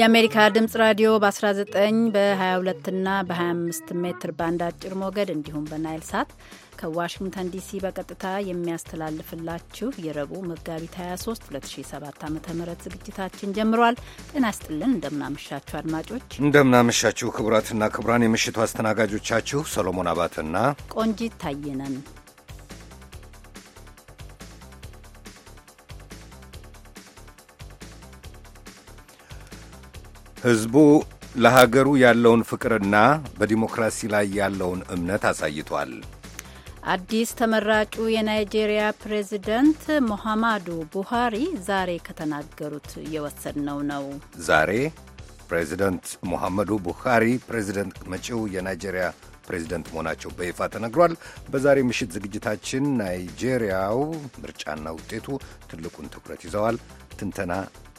የአሜሪካ ድምፅ ራዲዮ በ19 በ22ና በ25 ሜትር ባንድ አጭር ሞገድ እንዲሁም በናይል ሳት ከዋሽንግተን ዲሲ በቀጥታ የሚያስተላልፍላችሁ የረቡዕ መጋቢት 23 2007 ዓ ም ዝግጅታችን ጀምሯል። ጤና ይስጥልን። እንደምናመሻችሁ አድማጮች፣ እንደምናመሻችሁ ክቡራትና ክቡራን። የምሽቱ አስተናጋጆቻችሁ ሰሎሞን አባተና ቆንጂት ታየነን ሕዝቡ ለሀገሩ ያለውን ፍቅርና በዲሞክራሲ ላይ ያለውን እምነት አሳይቷል። አዲስ ተመራጩ የናይጄሪያ ፕሬዚደንት ሞሐማዱ ቡሃሪ ዛሬ ከተናገሩት እየወሰድነው ነው። ዛሬ ፕሬዚደንት ሞሐመዱ ቡሃሪ ፕሬዚደንት መጪው የናይጄሪያ ፕሬዚደንት መሆናቸው በይፋ ተነግሯል። በዛሬ ምሽት ዝግጅታችን ናይጄሪያው ምርጫና ውጤቱ ትልቁን ትኩረት ይዘዋል። ትንተና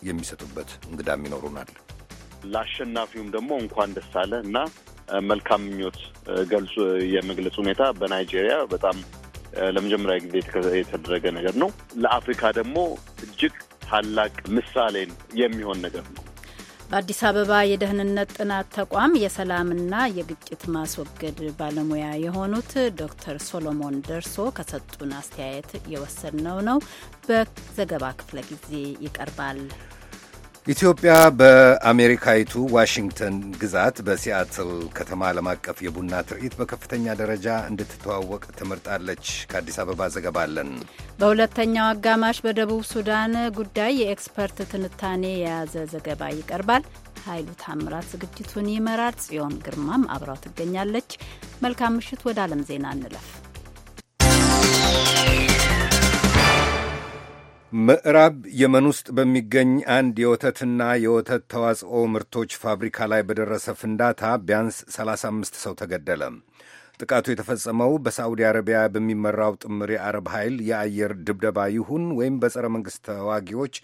የሚሰጡበት እንግዳም ይኖሩናል። ለአሸናፊውም ደግሞ እንኳን ደስ አለ እና መልካም ምኞት ገልጹ የመግለጽ ሁኔታ በናይጄሪያ በጣም ለመጀመሪያ ጊዜ የተደረገ ነገር ነው። ለአፍሪካ ደግሞ እጅግ ታላቅ ምሳሌን የሚሆን ነገር ነው። በአዲስ አበባ የደህንነት ጥናት ተቋም የሰላምና የግጭት ማስወገድ ባለሙያ የሆኑት ዶክተር ሶሎሞን ደርሶ ከሰጡን አስተያየት የወሰድነው ነው። በዘገባ ክፍለ ጊዜ ይቀርባል። ኢትዮጵያ በአሜሪካዊቱ ዋሽንግተን ግዛት በሲያትል ከተማ ዓለም አቀፍ የቡና ትርኢት በከፍተኛ ደረጃ እንድትተዋወቅ ትምርጣለች ከአዲስ አበባ ዘገባ አለን። በሁለተኛው አጋማሽ በደቡብ ሱዳን ጉዳይ የኤክስፐርት ትንታኔ የያዘ ዘገባ ይቀርባል። ኃይሉ ታምራት ዝግጅቱን ይመራል። ጽዮን ግርማም አብራው ትገኛለች። መልካም ምሽት። ወደ ዓለም ዜና እንለፍ። ምዕራብ የመን ውስጥ በሚገኝ አንድ የወተትና የወተት ተዋጽኦ ምርቶች ፋብሪካ ላይ በደረሰ ፍንዳታ ቢያንስ 35 ሰው ተገደለ። ጥቃቱ የተፈጸመው በሳዑዲ አረቢያ በሚመራው ጥምር የአረብ ኃይል የአየር ድብደባ ይሁን ወይም በጸረ መንግሥት ተዋጊዎች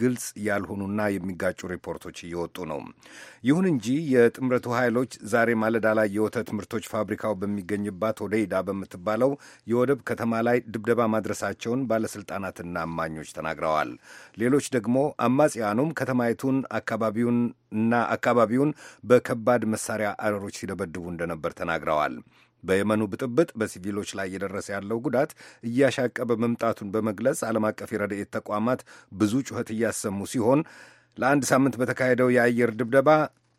ግልጽ ያልሆኑና የሚጋጩ ሪፖርቶች እየወጡ ነው። ይሁን እንጂ የጥምረቱ ኃይሎች ዛሬ ማለዳ ላይ የወተት ምርቶች ፋብሪካው በሚገኝባት ሆዴይዳ በምትባለው የወደብ ከተማ ላይ ድብደባ ማድረሳቸውን ባለሥልጣናትና አማኞች ተናግረዋል። ሌሎች ደግሞ አማጽያኑም ከተማይቱን አካባቢውን እና አካባቢውን በከባድ መሳሪያ አረሮች ሲደበድቡ እንደነበር ተናግረዋል። በየመኑ ብጥብጥ በሲቪሎች ላይ እየደረሰ ያለው ጉዳት እያሻቀበ መምጣቱን በመግለጽ ዓለም አቀፍ የረድኤት ተቋማት ብዙ ጩኸት እያሰሙ ሲሆን ለአንድ ሳምንት በተካሄደው የአየር ድብደባ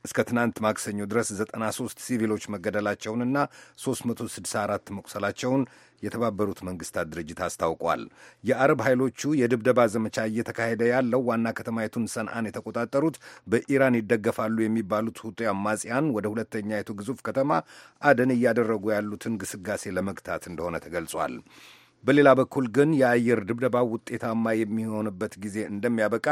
እስከ ትናንት ማክሰኞ ድረስ 93 ሲቪሎች መገደላቸውንና 364 መቁሰላቸውን የተባበሩት መንግስታት ድርጅት አስታውቋል። የአረብ ኃይሎቹ የድብደባ ዘመቻ እየተካሄደ ያለው ዋና ከተማይቱን ሰንአን የተቆጣጠሩት በኢራን ይደገፋሉ የሚባሉት ሁጤ አማጽያን ወደ ሁለተኛይቱ ግዙፍ ከተማ አደን እያደረጉ ያሉትን ግስጋሴ ለመግታት እንደሆነ ተገልጿል። በሌላ በኩል ግን የአየር ድብደባ ውጤታማ የሚሆንበት ጊዜ እንደሚያበቃ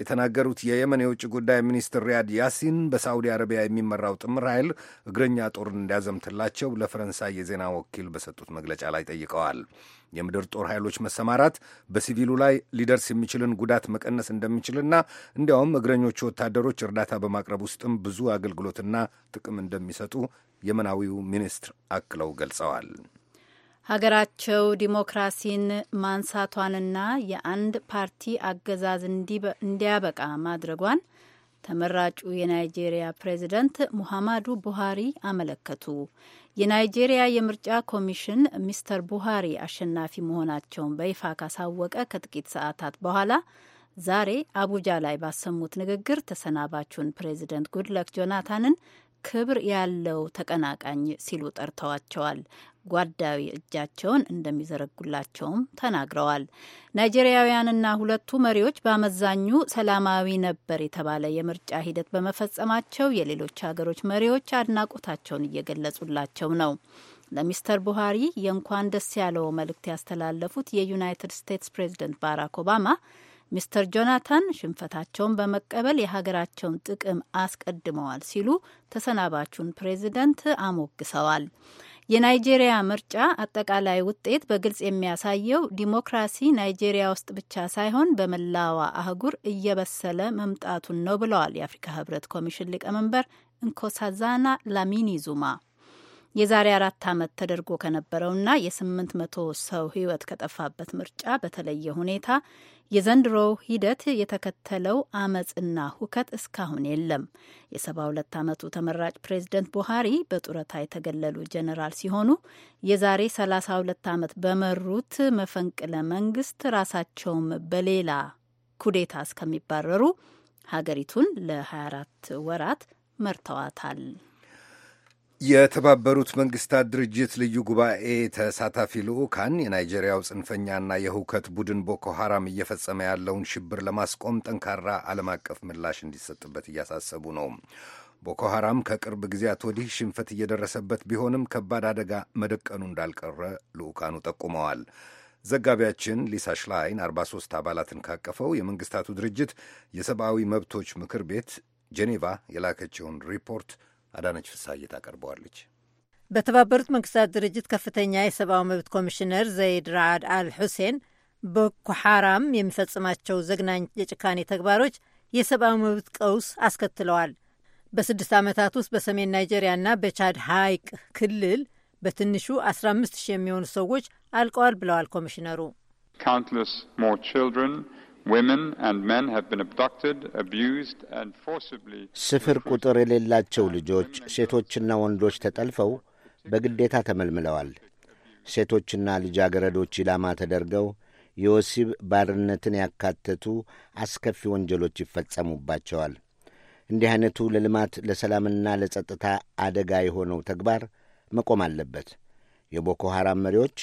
የተናገሩት የየመን የውጭ ጉዳይ ሚኒስትር ሪያድ ያሲን በሳዑዲ አረቢያ የሚመራው ጥምር ኃይል እግረኛ ጦርን እንዲያዘምትላቸው ለፈረንሳይ የዜና ወኪል በሰጡት መግለጫ ላይ ጠይቀዋል። የምድር ጦር ኃይሎች መሰማራት በሲቪሉ ላይ ሊደርስ የሚችልን ጉዳት መቀነስ እንደሚችልና እንዲያውም እግረኞቹ ወታደሮች እርዳታ በማቅረብ ውስጥም ብዙ አገልግሎትና ጥቅም እንደሚሰጡ የመናዊው ሚኒስትር አክለው ገልጸዋል። ሀገራቸው ዲሞክራሲን ማንሳቷንና የአንድ ፓርቲ አገዛዝ እንዲያበቃ ማድረጓን ተመራጩ የናይጄሪያ ፕሬዚደንት ሙሐማዱ ቡሃሪ አመለከቱ። የናይጄሪያ የምርጫ ኮሚሽን ሚስተር ቡሃሪ አሸናፊ መሆናቸውን በይፋ ካሳወቀ ከጥቂት ሰዓታት በኋላ ዛሬ አቡጃ ላይ ባሰሙት ንግግር ተሰናባቹን ፕሬዚደንት ጉድለክ ጆናታንን ክብር ያለው ተቀናቃኝ ሲሉ ጠርተዋቸዋል። ጓዳዊ እጃቸውን እንደሚዘረጉላቸውም ተናግረዋል። ናይጄሪያውያንና ሁለቱ መሪዎች በአመዛኙ ሰላማዊ ነበር የተባለ የምርጫ ሂደት በመፈጸማቸው የሌሎች ሀገሮች መሪዎች አድናቆታቸውን እየገለጹላቸው ነው። ለሚስተር ቡሃሪ የእንኳን ደስ ያለው መልእክት ያስተላለፉት የዩናይትድ ስቴትስ ፕሬዝደንት ባራክ ኦባማ ሚስተር ጆናታን ሽንፈታቸውን በመቀበል የሀገራቸውን ጥቅም አስቀድመዋል ሲሉ ተሰናባቹን ፕሬዚደንት አሞግሰዋል። የናይጄሪያ ምርጫ አጠቃላይ ውጤት በግልጽ የሚያሳየው ዲሞክራሲ ናይጄሪያ ውስጥ ብቻ ሳይሆን በመላዋ አህጉር እየበሰለ መምጣቱን ነው ብለዋል የአፍሪካ ህብረት ኮሚሽን ሊቀመንበር እንኮሳዛና ላሚኒ ዙማ። የዛሬ አራት ዓመት ተደርጎ ከነበረውና የ መቶ ሰው ህይወት ከጠፋበት ምርጫ በተለየ ሁኔታ የዘንድሮው ሂደት የተከተለው አመፅና ሁከት እስካሁን የለም። የሰባ የ72 ዓመቱ ተመራጭ ፕሬዚደንት ቡሃሪ በጡረታ የተገለሉ ጀኔራል ሲሆኑ የዛሬ 32 ዓመት በመሩት መፈንቅለ መንግስት ራሳቸውም በሌላ ኩዴታ እስከሚባረሩ ሀገሪቱን ለ24 ወራት መርተዋታል። የተባበሩት መንግስታት ድርጅት ልዩ ጉባኤ ተሳታፊ ልዑካን የናይጄሪያው ጽንፈኛና የህውከት ቡድን ቦኮ ሐራም እየፈጸመ ያለውን ሽብር ለማስቆም ጠንካራ ዓለም አቀፍ ምላሽ እንዲሰጥበት እያሳሰቡ ነው። ቦኮ ሐራም ከቅርብ ጊዜያት ወዲህ ሽንፈት እየደረሰበት ቢሆንም ከባድ አደጋ መደቀኑ እንዳልቀረ ልዑካኑ ጠቁመዋል። ዘጋቢያችን ሊሳ ሽላይን 43 አባላትን ካቀፈው የመንግስታቱ ድርጅት የሰብአዊ መብቶች ምክር ቤት ጄኔቫ የላከችውን ሪፖርት አዳነች ፍስሐዬ ታቀርበዋለች። በተባበሩት መንግስታት ድርጅት ከፍተኛ የሰብአዊ መብት ኮሚሽነር ዘይድ ራአድ አል ሑሴን ቦኮ ሐራም የሚፈጽማቸው ዘግናኝ የጭካኔ ተግባሮች የሰብአዊ መብት ቀውስ አስከትለዋል። በስድስት ዓመታት ውስጥ በሰሜን ናይጄሪያና በቻድ ሐይቅ ክልል በትንሹ 15 ሺህ የሚሆኑ ሰዎች አልቀዋል ብለዋል ኮሚሽነሩ። ስፍር ቁጥር የሌላቸው ልጆች፣ ሴቶችና ወንዶች ተጠልፈው በግዴታ ተመልምለዋል። ሴቶችና ልጃገረዶች ኢላማ ተደርገው የወሲብ ባርነትን ያካተቱ አስከፊ ወንጀሎች ይፈጸሙባቸዋል። እንዲህ ዐይነቱ ለልማት ለሰላምና ለጸጥታ አደጋ የሆነው ተግባር መቆም አለበት። የቦኮ ሐራም መሪዎች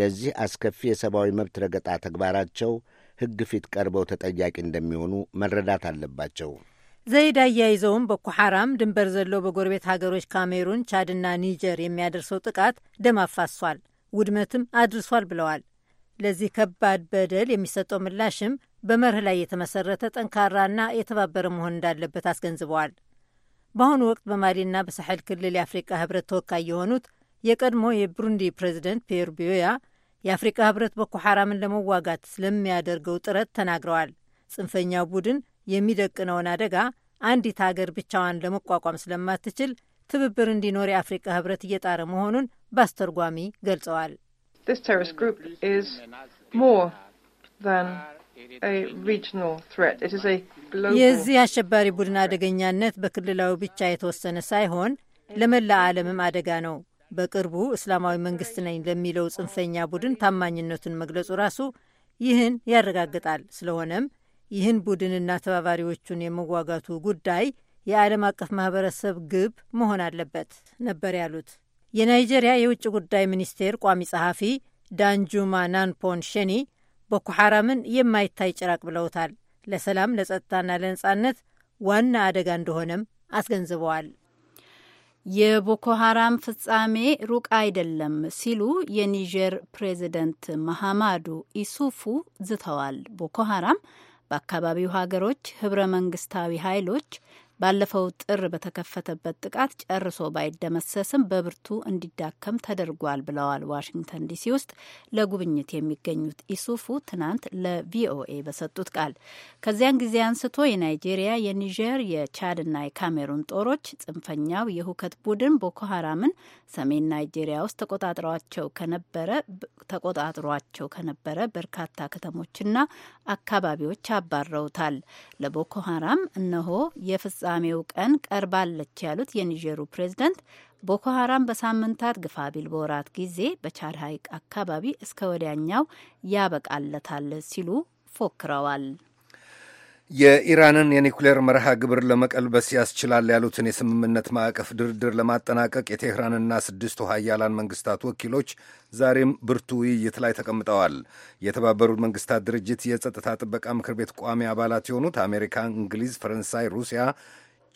ለዚህ አስከፊ የሰብአዊ መብት ረገጣ ተግባራቸው ሕግ ፊት ቀርበው ተጠያቂ እንደሚሆኑ መረዳት አለባቸው። ዘይድ አያይዘውም ቦኮ ሐራም ድንበር ዘሎ በጎረቤት ሀገሮች ካሜሩን፣ ቻድና ኒጀር የሚያደርሰው ጥቃት ደም አፋሷል፣ ውድመትም አድርሷል ብለዋል። ለዚህ ከባድ በደል የሚሰጠው ምላሽም በመርህ ላይ የተመሰረተ ጠንካራና የተባበረ መሆን እንዳለበት አስገንዝበዋል። በአሁኑ ወቅት በማሊና በሳሐል ክልል የአፍሪቃ ህብረት ተወካይ የሆኑት የቀድሞ የብሩንዲ ፕሬዚደንት ፒየር ቢዮያ የአፍሪቃ ህብረት ቦኮ ሐራምን ለመዋጋት ስለሚያደርገው ጥረት ተናግረዋል። ጽንፈኛው ቡድን የሚደቅነውን አደጋ አንዲት ሀገር ብቻዋን ለመቋቋም ስለማትችል ትብብር እንዲኖር የአፍሪቃ ህብረት እየጣረ መሆኑን በአስተርጓሚ ገልጸዋል። የዚህ አሸባሪ ቡድን አደገኛነት በክልላዊ ብቻ የተወሰነ ሳይሆን ለመላ ዓለምም አደጋ ነው። በቅርቡ እስላማዊ መንግስት ነኝ ለሚለው ጽንፈኛ ቡድን ታማኝነቱን መግለጹ ራሱ ይህን ያረጋግጣል። ስለሆነም ይህን ቡድንና ተባባሪዎቹን የመዋጋቱ ጉዳይ የዓለም አቀፍ ማህበረሰብ ግብ መሆን አለበት ነበር ያሉት የናይጄሪያ የውጭ ጉዳይ ሚኒስቴር ቋሚ ጸሐፊ ዳንጁማ ናንፖን ሸኒ ቦኮ ሐራምን የማይታይ ጭራቅ ብለውታል። ለሰላም ለጸጥታና ለነጻነት ዋና አደጋ እንደሆነም አስገንዝበዋል። የቦኮ ሀራም ፍጻሜ ሩቅ አይደለም ሲሉ የኒጀር ፕሬዚደንት መሐማዱ ኢሱፉ ዝተዋል። ቦኮ ሀራም በአካባቢው ሀገሮች ህብረ መንግስታዊ ኃይሎች ባለፈው ጥር በተከፈተበት ጥቃት ጨርሶ ባይደመሰስም በብርቱ እንዲዳከም ተደርጓል ብለዋል። ዋሽንግተን ዲሲ ውስጥ ለጉብኝት የሚገኙት ኢሱፉ ትናንት ለቪኦኤ በሰጡት ቃል ከዚያን ጊዜ አንስቶ የናይጄሪያ፣ የኒጀር፣ የቻድና የካሜሩን ጦሮች ጽንፈኛው የሁከት ቡድን ቦኮ ሀራምን ሰሜን ናይጄሪያ ውስጥ ተቆጣጥሯቸው ከነበረ ተቆጣጥሯቸው ከነበረ በርካታ ከተሞችና አካባቢዎች አባረውታል። ለቦኮ ሀራም እነሆ የፍጻ የፍጻሜው ቀን ቀርባለች ያሉት የኒጀሩ ፕሬዚደንት ቦኮ ሀራም በሳምንታት ግፋ ቢል በወራት ጊዜ በቻድ አካባቢ እስከ ወዲያኛው ያበቃለታል ሲሉ ፎክረዋል። የኢራንን የኒኩሌር መርሃ ግብር ለመቀልበስ ያስችላል ያሉትን የስምምነት ማዕቀፍ ድርድር ለማጠናቀቅ የቴህራንና ስድስቱ ሀያላን መንግስታት ወኪሎች ዛሬም ብርቱ ውይይት ላይ ተቀምጠዋል። የተባበሩት መንግስታት ድርጅት የጸጥታ ጥበቃ ምክር ቤት ቋሚ አባላት የሆኑት አሜሪካ፣ እንግሊዝ፣ ፈረንሳይ፣ ሩሲያ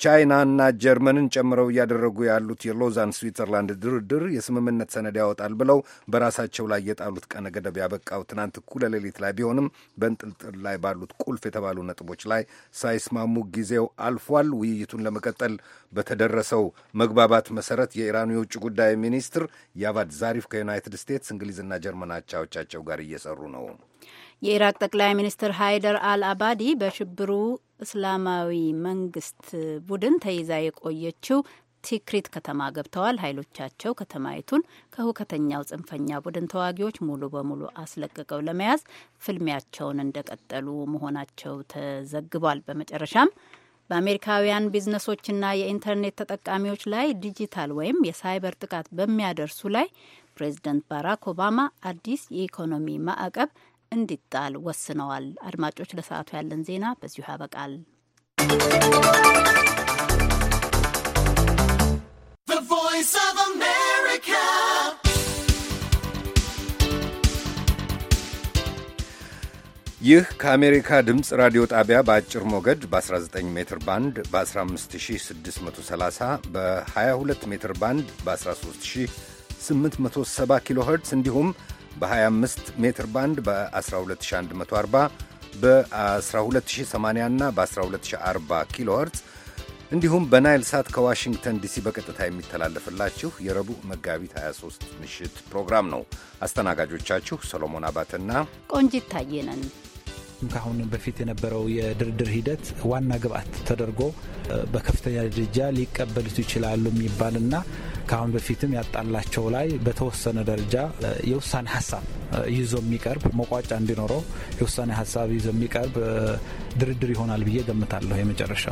ቻይናና ጀርመንን ጨምረው እያደረጉ ያሉት የሎዛን ስዊትዘርላንድ ድርድር የስምምነት ሰነድ ያወጣል ብለው በራሳቸው ላይ የጣሉት ቀነ ገደብ ያበቃው ትናንት እኩለ ሌሊት ላይ ቢሆንም በንጥልጥል ላይ ባሉት ቁልፍ የተባሉ ነጥቦች ላይ ሳይስማሙ ጊዜው አልፏል። ውይይቱን ለመቀጠል በተደረሰው መግባባት መሰረት የኢራኑ የውጭ ጉዳይ ሚኒስትር ያቫድ ዛሪፍ ከዩናይትድ ስቴትስ እንግሊዝና ጀርመን አቻዎቻቸው ጋር እየሰሩ ነው። የኢራቅ ጠቅላይ ሚኒስትር ሃይደር አል አባዲ በሽብሩ እስላማዊ መንግስት ቡድን ተይዛ የቆየችው ቲክሪት ከተማ ገብተዋል። ኃይሎቻቸው ከተማይቱን ከሁከተኛው ጽንፈኛ ቡድን ተዋጊዎች ሙሉ በሙሉ አስለቅቀው ለመያዝ ፍልሚያቸውን እንደቀጠሉ መሆናቸው ተዘግቧል። በመጨረሻም በአሜሪካውያን ቢዝነሶችና የኢንተርኔት ተጠቃሚዎች ላይ ዲጂታል ወይም የሳይበር ጥቃት በሚያደርሱ ላይ ፕሬዚደንት ባራክ ኦባማ አዲስ የኢኮኖሚ ማዕቀብ እንዲጣል ወስነዋል። አድማጮች፣ ለሰዓቱ ያለን ዜና በዚሁ ያበቃል። ይህ ከአሜሪካ ድምፅ ራዲዮ ጣቢያ በአጭር ሞገድ በ19 ሜትር ባንድ በ15630 በ22 ሜትር ባንድ በ13870 ኪሎ ኸርትዝ እንዲሁም በ25 ሜትር ባንድ በ12140 በ12080 እና በ12040 ኪሎ ኸርትዝ እንዲሁም በናይል ሳት ከዋሽንግተን ዲሲ በቀጥታ የሚተላለፍላችሁ የረቡዕ መጋቢት 23 ምሽት ፕሮግራም ነው። አስተናጋጆቻችሁ ሰሎሞን አባትና ቆንጂት ታየነን። ምክንያቱም ከአሁን በፊት የነበረው የድርድር ሂደት ዋና ግብአት ተደርጎ በከፍተኛ ደረጃ ሊቀበሉት ይችላሉ የሚባልና ከአሁን በፊትም ያጣላቸው ላይ በተወሰነ ደረጃ የውሳኔ ሀሳብ ይዞ የሚቀርብ መቋጫ እንዲኖረው የውሳኔ ሀሳብ ይዞ የሚቀርብ ድርድር ይሆናል ብዬ ገምታለሁ የመጨረሻ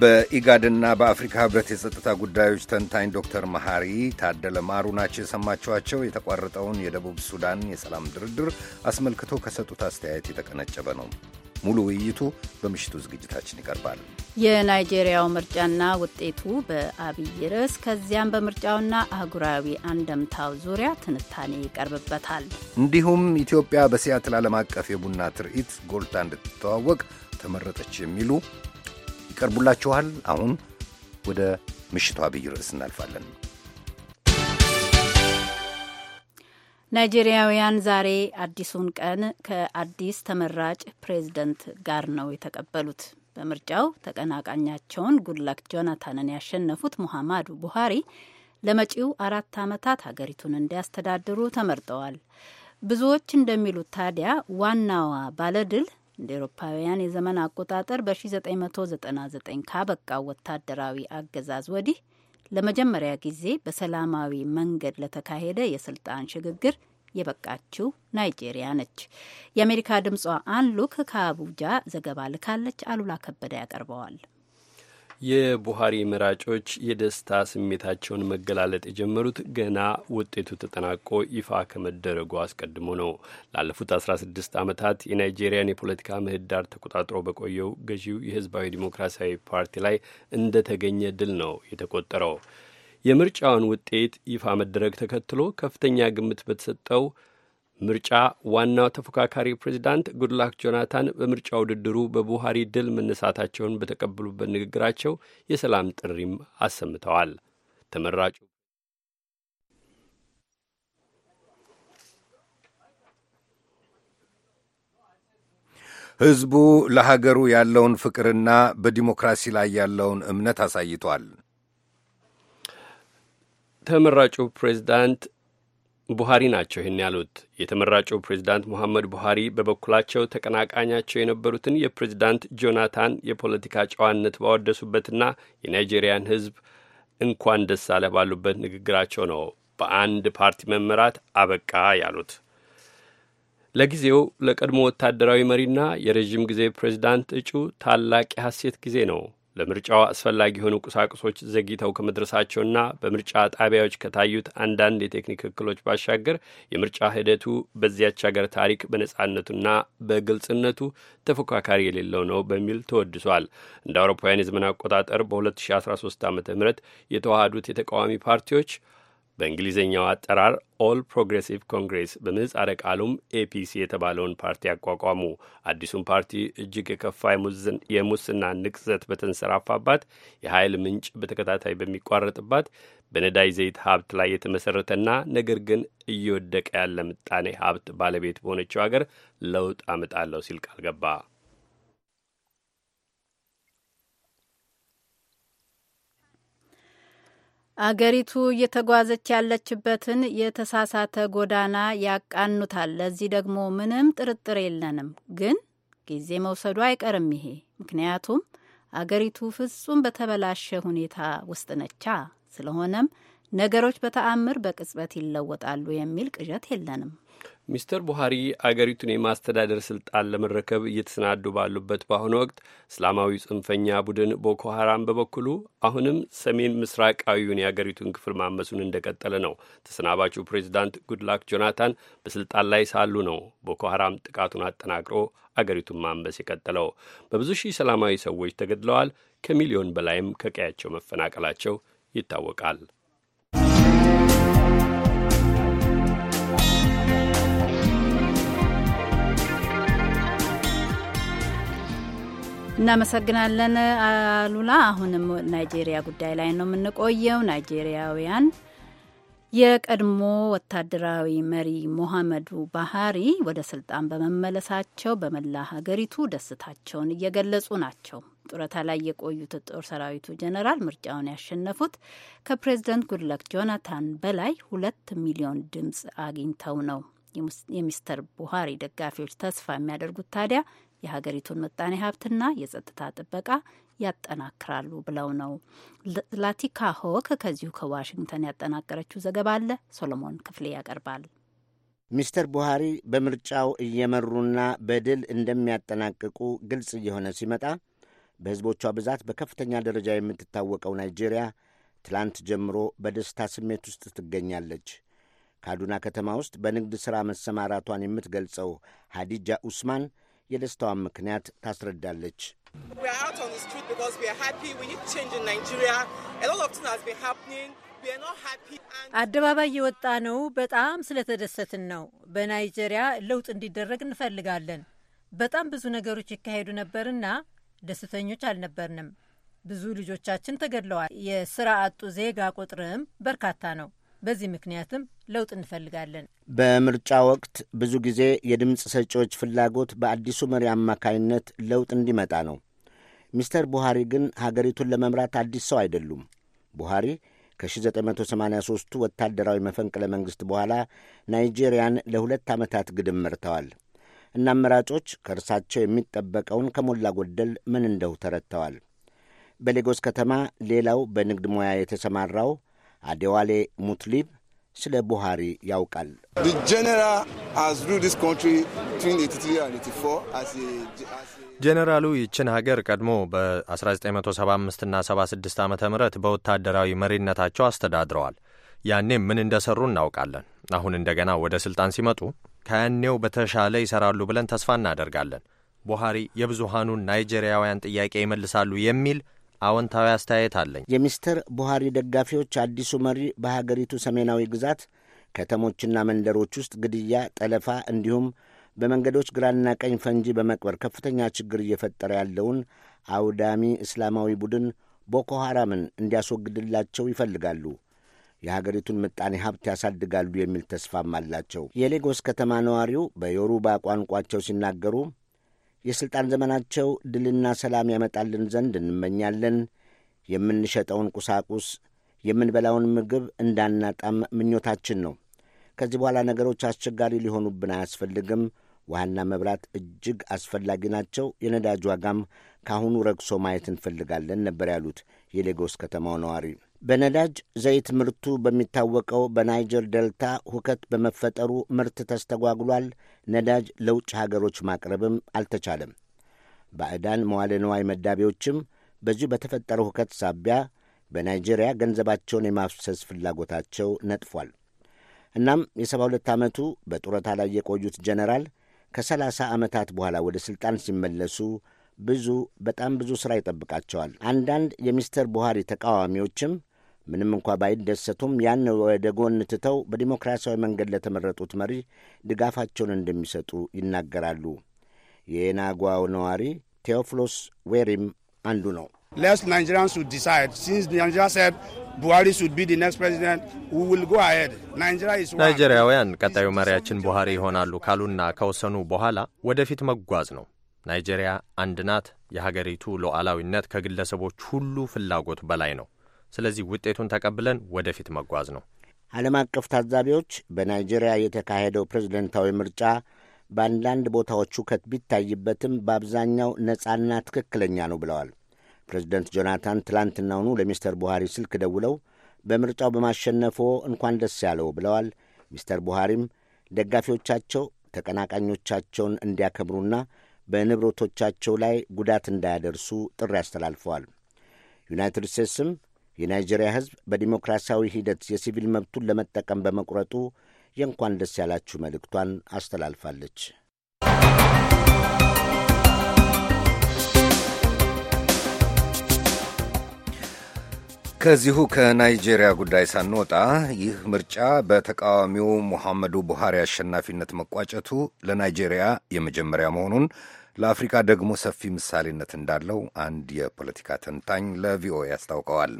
በኢጋድና በአፍሪካ ህብረት የጸጥታ ጉዳዮች ተንታኝ ዶክተር መሐሪ ታደለ ማሩ ናቸው የሰማችኋቸው። የተቋረጠውን የደቡብ ሱዳን የሰላም ድርድር አስመልክቶ ከሰጡት አስተያየት የተቀነጨበ ነው። ሙሉ ውይይቱ በምሽቱ ዝግጅታችን ይቀርባል። የናይጄሪያው ምርጫና ውጤቱ በአብይ ርዕስ ከዚያም በምርጫውና አህጉራዊ አንደምታው ዙሪያ ትንታኔ ይቀርብበታል። እንዲሁም ኢትዮጵያ በሲያትል ዓለም አቀፍ የቡና ትርኢት ጎልታ እንድትተዋወቅ ተመረጠች የሚሉ ይቀርቡላችኋል። አሁን ወደ ምሽቱ አብይ ርዕስ እናልፋለን። ናይጄሪያውያን ዛሬ አዲሱን ቀን ከአዲስ ተመራጭ ፕሬዝደንት ጋር ነው የተቀበሉት። በምርጫው ተቀናቃኛቸውን ጉድላክ ጆናታንን ያሸነፉት ሙሐማዱ ቡሃሪ ለመጪው አራት ዓመታት ሀገሪቱን እንዲያስተዳድሩ ተመርጠዋል። ብዙዎች እንደሚሉት ታዲያ ዋናዋ ባለድል እንደ ኤሮፓውያን የዘመን አቆጣጠር በ1999 ካበቃው ወታደራዊ አገዛዝ ወዲህ ለመጀመሪያ ጊዜ በሰላማዊ መንገድ ለተካሄደ የስልጣን ሽግግር የበቃችው ናይጄሪያ ነች። የአሜሪካ ድምጿ አን ሉክ ከአቡጃ ዘገባ ልካለች። አሉላ ከበደ ያቀርበዋል። የቡሃሪ መራጮች የደስታ ስሜታቸውን መገላለጥ የጀመሩት ገና ውጤቱ ተጠናቆ ይፋ ከመደረጉ አስቀድሞ ነው። ላለፉት 16 ዓመታት የናይጄሪያን የፖለቲካ ምህዳር ተቆጣጥሮ በቆየው ገዢው የህዝባዊ ዲሞክራሲያዊ ፓርቲ ላይ እንደተገኘ ድል ነው የተቆጠረው። የምርጫውን ውጤት ይፋ መደረግ ተከትሎ ከፍተኛ ግምት በተሰጠው ምርጫ ዋናው ተፎካካሪ ፕሬዚዳንት ጉድላክ ጆናታን በምርጫ ውድድሩ በቡሃሪ ድል መነሳታቸውን በተቀበሉበት ንግግራቸው የሰላም ጥሪም አሰምተዋል። ተመራጩ ሕዝቡ ለሀገሩ ያለውን ፍቅርና በዲሞክራሲ ላይ ያለውን እምነት አሳይቷል። ተመራጩ ፕሬዚዳንት ቡሃሪ ናቸው ይህን ያሉት። የተመራጩ ፕሬዚዳንት ሙሐመድ ቡሃሪ በበኩላቸው ተቀናቃኛቸው የነበሩትን የፕሬዚዳንት ጆናታን የፖለቲካ ጨዋነት ባወደሱበትና የናይጄሪያን ሕዝብ እንኳን ደስ አለ ባሉበት ንግግራቸው ነው በአንድ ፓርቲ መመራት አበቃ ያሉት። ለጊዜው ለቀድሞ ወታደራዊ መሪና የረዥም ጊዜ ፕሬዚዳንት እጩ ታላቅ የሐሴት ጊዜ ነው። ለምርጫው አስፈላጊ የሆኑ ቁሳቁሶች ዘግይተው ከመድረሳቸውና በምርጫ ጣቢያዎች ከታዩት አንዳንድ የቴክኒክ እክሎች ባሻገር የምርጫ ሂደቱ በዚያች ሀገር ታሪክ በነጻነቱና በግልጽነቱ ተፎካካሪ የሌለው ነው በሚል ተወድሷል። እንደ አውሮፓውያን የዘመን አቆጣጠር በ2013 ዓ ም የተዋሃዱት የተቃዋሚ ፓርቲዎች በእንግሊዝኛው አጠራር ኦል ፕሮግሬሲቭ ኮንግሬስ በምህጻረ ቃሉም ኤፒሲ የተባለውን ፓርቲ አቋቋሙ። አዲሱን ፓርቲ እጅግ የከፋ የሙስና ንቅዘት በተንሰራፋባት፣ የኃይል ምንጭ በተከታታይ በሚቋረጥባት፣ በነዳጅ ዘይት ሀብት ላይ የተመሠረተና ነገር ግን እየወደቀ ያለ ምጣኔ ሀብት ባለቤት በሆነችው ሀገር ለውጥ አመጣለሁ ሲል ቃል ገባ። አገሪቱ እየተጓዘች ያለችበትን የተሳሳተ ጎዳና ያቃኑታል። ለዚህ ደግሞ ምንም ጥርጥር የለንም። ግን ጊዜ መውሰዱ አይቀርም ይሄ ምክንያቱም አገሪቱ ፍጹም በተበላሸ ሁኔታ ውስጥ ነቻ። ስለሆነም ነገሮች በተአምር በቅጽበት ይለወጣሉ የሚል ቅዠት የለንም። ሚስተር ቡሃሪ አገሪቱን የማስተዳደር ስልጣን ለመረከብ እየተሰናዱ ባሉበት በአሁኑ ወቅት እስላማዊ ጽንፈኛ ቡድን ቦኮ ሀራም በበኩሉ አሁንም ሰሜን ምስራቃዊውን የአገሪቱን ክፍል ማመሱን እንደቀጠለ ነው። ተሰናባቹ ፕሬዚዳንት ጉድላክ ጆናታን በስልጣን ላይ ሳሉ ነው ቦኮ ሀራም ጥቃቱን አጠናክሮ አገሪቱን ማንበስ የቀጠለው። በብዙ ሺህ ሰላማዊ ሰዎች ተገድለዋል። ከሚሊዮን በላይም ከቀያቸው መፈናቀላቸው ይታወቃል። እናመሰግናለን አሉላ። አሁንም ናይጄሪያ ጉዳይ ላይ ነው የምንቆየው። ናይጄሪያውያን የቀድሞ ወታደራዊ መሪ ሞሐመዱ ባህሪ ወደ ስልጣን በመመለሳቸው በመላ ሀገሪቱ ደስታቸውን እየገለጹ ናቸው። ጡረታ ላይ የቆዩት ጦር ሰራዊቱ ጀነራል ምርጫውን ያሸነፉት ከፕሬዝደንት ጉድለክ ጆናታን በላይ ሁለት ሚሊዮን ድምፅ አግኝተው ነው። የሚስተር ቡሃሪ ደጋፊዎች ተስፋ የሚያደርጉት ታዲያ የሀገሪቱን ምጣኔ ሀብትና የጸጥታ ጥበቃ ያጠናክራሉ ብለው ነው። ላቲካ ሆክ ከዚሁ ከዋሽንግተን ያጠናቀረችው ዘገባ አለ። ሶሎሞን ክፍሌ ያቀርባል። ሚስተር ቡሃሪ በምርጫው እየመሩና በድል እንደሚያጠናቅቁ ግልጽ እየሆነ ሲመጣ በሕዝቦቿ ብዛት በከፍተኛ ደረጃ የምትታወቀው ናይጄሪያ ትላንት ጀምሮ በደስታ ስሜት ውስጥ ትገኛለች። ካዱና ከተማ ውስጥ በንግድ ሥራ መሰማራቷን የምትገልጸው ሀዲጃ ኡስማን የደስታዋን ምክንያት ታስረዳለች። አደባባይ የወጣ ነው በጣም ስለተደሰትን ነው። በናይጄሪያ ለውጥ እንዲደረግ እንፈልጋለን። በጣም ብዙ ነገሮች ይካሄዱ ነበርና ደስተኞች አልነበርንም። ብዙ ልጆቻችን ተገድለዋል። የስራ አጡ ዜጋ ቁጥርም በርካታ ነው። በዚህ ምክንያትም ለውጥ እንፈልጋለን። በምርጫ ወቅት ብዙ ጊዜ የድምፅ ሰጪዎች ፍላጎት በአዲሱ መሪ አማካይነት ለውጥ እንዲመጣ ነው። ሚስተር ቡሃሪ ግን ሀገሪቱን ለመምራት አዲስ ሰው አይደሉም። ቡሃሪ ከ1983ቱ ወታደራዊ መፈንቅለ መንግሥት በኋላ ናይጄሪያን ለሁለት ዓመታት ግድም መርተዋል እና አመራጮች ከእርሳቸው የሚጠበቀውን ከሞላ ጎደል ምን እንደው ተረድተዋል። በሌጎስ ከተማ ሌላው በንግድ ሙያ የተሰማራው አዴዋሌ ሙትሊብ ስለ ቡሃሪ ያውቃል። ጀነራሉ ይችን ሀገር ቀድሞ በ 1975 እና 76 ዓ ም በወታደራዊ መሪነታቸው አስተዳድረዋል። ያኔም ምን እንደሰሩ እናውቃለን። አሁን እንደገና ወደ ስልጣን ሲመጡ ከያኔው በተሻለ ይሰራሉ ብለን ተስፋ እናደርጋለን። ቡሃሪ የብዙሃኑን ናይጄሪያውያን ጥያቄ ይመልሳሉ የሚል አዎንታዊ አስተያየት አለኝ። የሚስተር ቡሃሪ ደጋፊዎች አዲሱ መሪ በሀገሪቱ ሰሜናዊ ግዛት ከተሞችና መንደሮች ውስጥ ግድያ፣ ጠለፋ እንዲሁም በመንገዶች ግራና ቀኝ ፈንጂ በመቅበር ከፍተኛ ችግር እየፈጠረ ያለውን አውዳሚ እስላማዊ ቡድን ቦኮ ሐራምን እንዲያስወግድላቸው ይፈልጋሉ። የሀገሪቱን ምጣኔ ሀብት ያሳድጋሉ የሚል ተስፋም አላቸው። የሌጎስ ከተማ ነዋሪው በዮሩባ ቋንቋቸው ሲናገሩ የሥልጣን ዘመናቸው ድልና ሰላም ያመጣልን ዘንድ እንመኛለን። የምንሸጠውን ቁሳቁስ፣ የምንበላውን ምግብ እንዳናጣም ምኞታችን ነው። ከዚህ በኋላ ነገሮች አስቸጋሪ ሊሆኑብን አያስፈልግም። ውሃና መብራት እጅግ አስፈላጊ ናቸው። የነዳጅ ዋጋም ከአሁኑ ረግሶ ማየት እንፈልጋለን ነበር ያሉት የሌጎስ ከተማው ነዋሪ። በነዳጅ ዘይት ምርቱ በሚታወቀው በናይጀር ደልታ ሁከት በመፈጠሩ ምርት ተስተጓጉሏል። ነዳጅ ለውጭ ሀገሮች ማቅረብም አልተቻለም። ባዕዳን መዋለ ንዋይ መዳቢዎችም በዚሁ በተፈጠረው ሁከት ሳቢያ በናይጄሪያ ገንዘባቸውን የማፍሰስ ፍላጎታቸው ነጥፏል። እናም የ72 ዓመቱ በጡረታ ላይ የቆዩት ጀነራል ከ30 ዓመታት በኋላ ወደ ሥልጣን ሲመለሱ ብዙ በጣም ብዙ ሥራ ይጠብቃቸዋል። አንዳንድ የሚስተር ቡሃሪ ተቃዋሚዎችም ምንም እንኳ ባይደሰቱም ያን ወደ ጎን ትተው በዲሞክራሲያዊ መንገድ ለተመረጡት መሪ ድጋፋቸውን እንደሚሰጡ ይናገራሉ። የናጓው ነዋሪ ቴዎፍሎስ ዌሪም አንዱ ነው። ሌስ ናይጄሪያውያን ቀጣዩ መሪያችን ቡሃሪ ይሆናሉ ካሉና ከወሰኑ በኋላ ወደፊት መጓዝ ነው። ናይጄሪያ አንድ ናት። የሀገሪቱ ሉዓላዊነት ከግለሰቦች ሁሉ ፍላጎት በላይ ነው። ስለዚህ ውጤቱን ተቀብለን ወደፊት መጓዝ ነው። ዓለም አቀፍ ታዛቢዎች በናይጄሪያ የተካሄደው ፕሬዝደንታዊ ምርጫ በአንዳንድ ቦታዎች ሁከት ቢታይበትም በአብዛኛው ነጻና ትክክለኛ ነው ብለዋል። ፕሬዝደንት ጆናታን ትላንትናውኑ ለሚስተር ቡሃሪ ስልክ ደውለው በምርጫው በማሸነፎ እንኳን ደስ ያለው ብለዋል። ሚስተር ቡሃሪም ደጋፊዎቻቸው ተቀናቃኞቻቸውን እንዲያከብሩና በንብረቶቻቸው ላይ ጉዳት እንዳያደርሱ ጥሪ አስተላልፈዋል። ዩናይትድ ስቴትስም የናይጄሪያ ሕዝብ በዲሞክራሲያዊ ሂደት የሲቪል መብቱን ለመጠቀም በመቁረጡ የእንኳን ደስ ያላችሁ መልእክቷን አስተላልፋለች። ከዚሁ ከናይጄሪያ ጉዳይ ሳንወጣ ይህ ምርጫ በተቃዋሚው ሙሐመዱ ቡሃሪ አሸናፊነት መቋጨቱ ለናይጄሪያ የመጀመሪያ መሆኑን ለአፍሪካ ደግሞ ሰፊ ምሳሌነት እንዳለው አንድ የፖለቲካ ተንታኝ ለቪኦኤ አስታውቀዋል።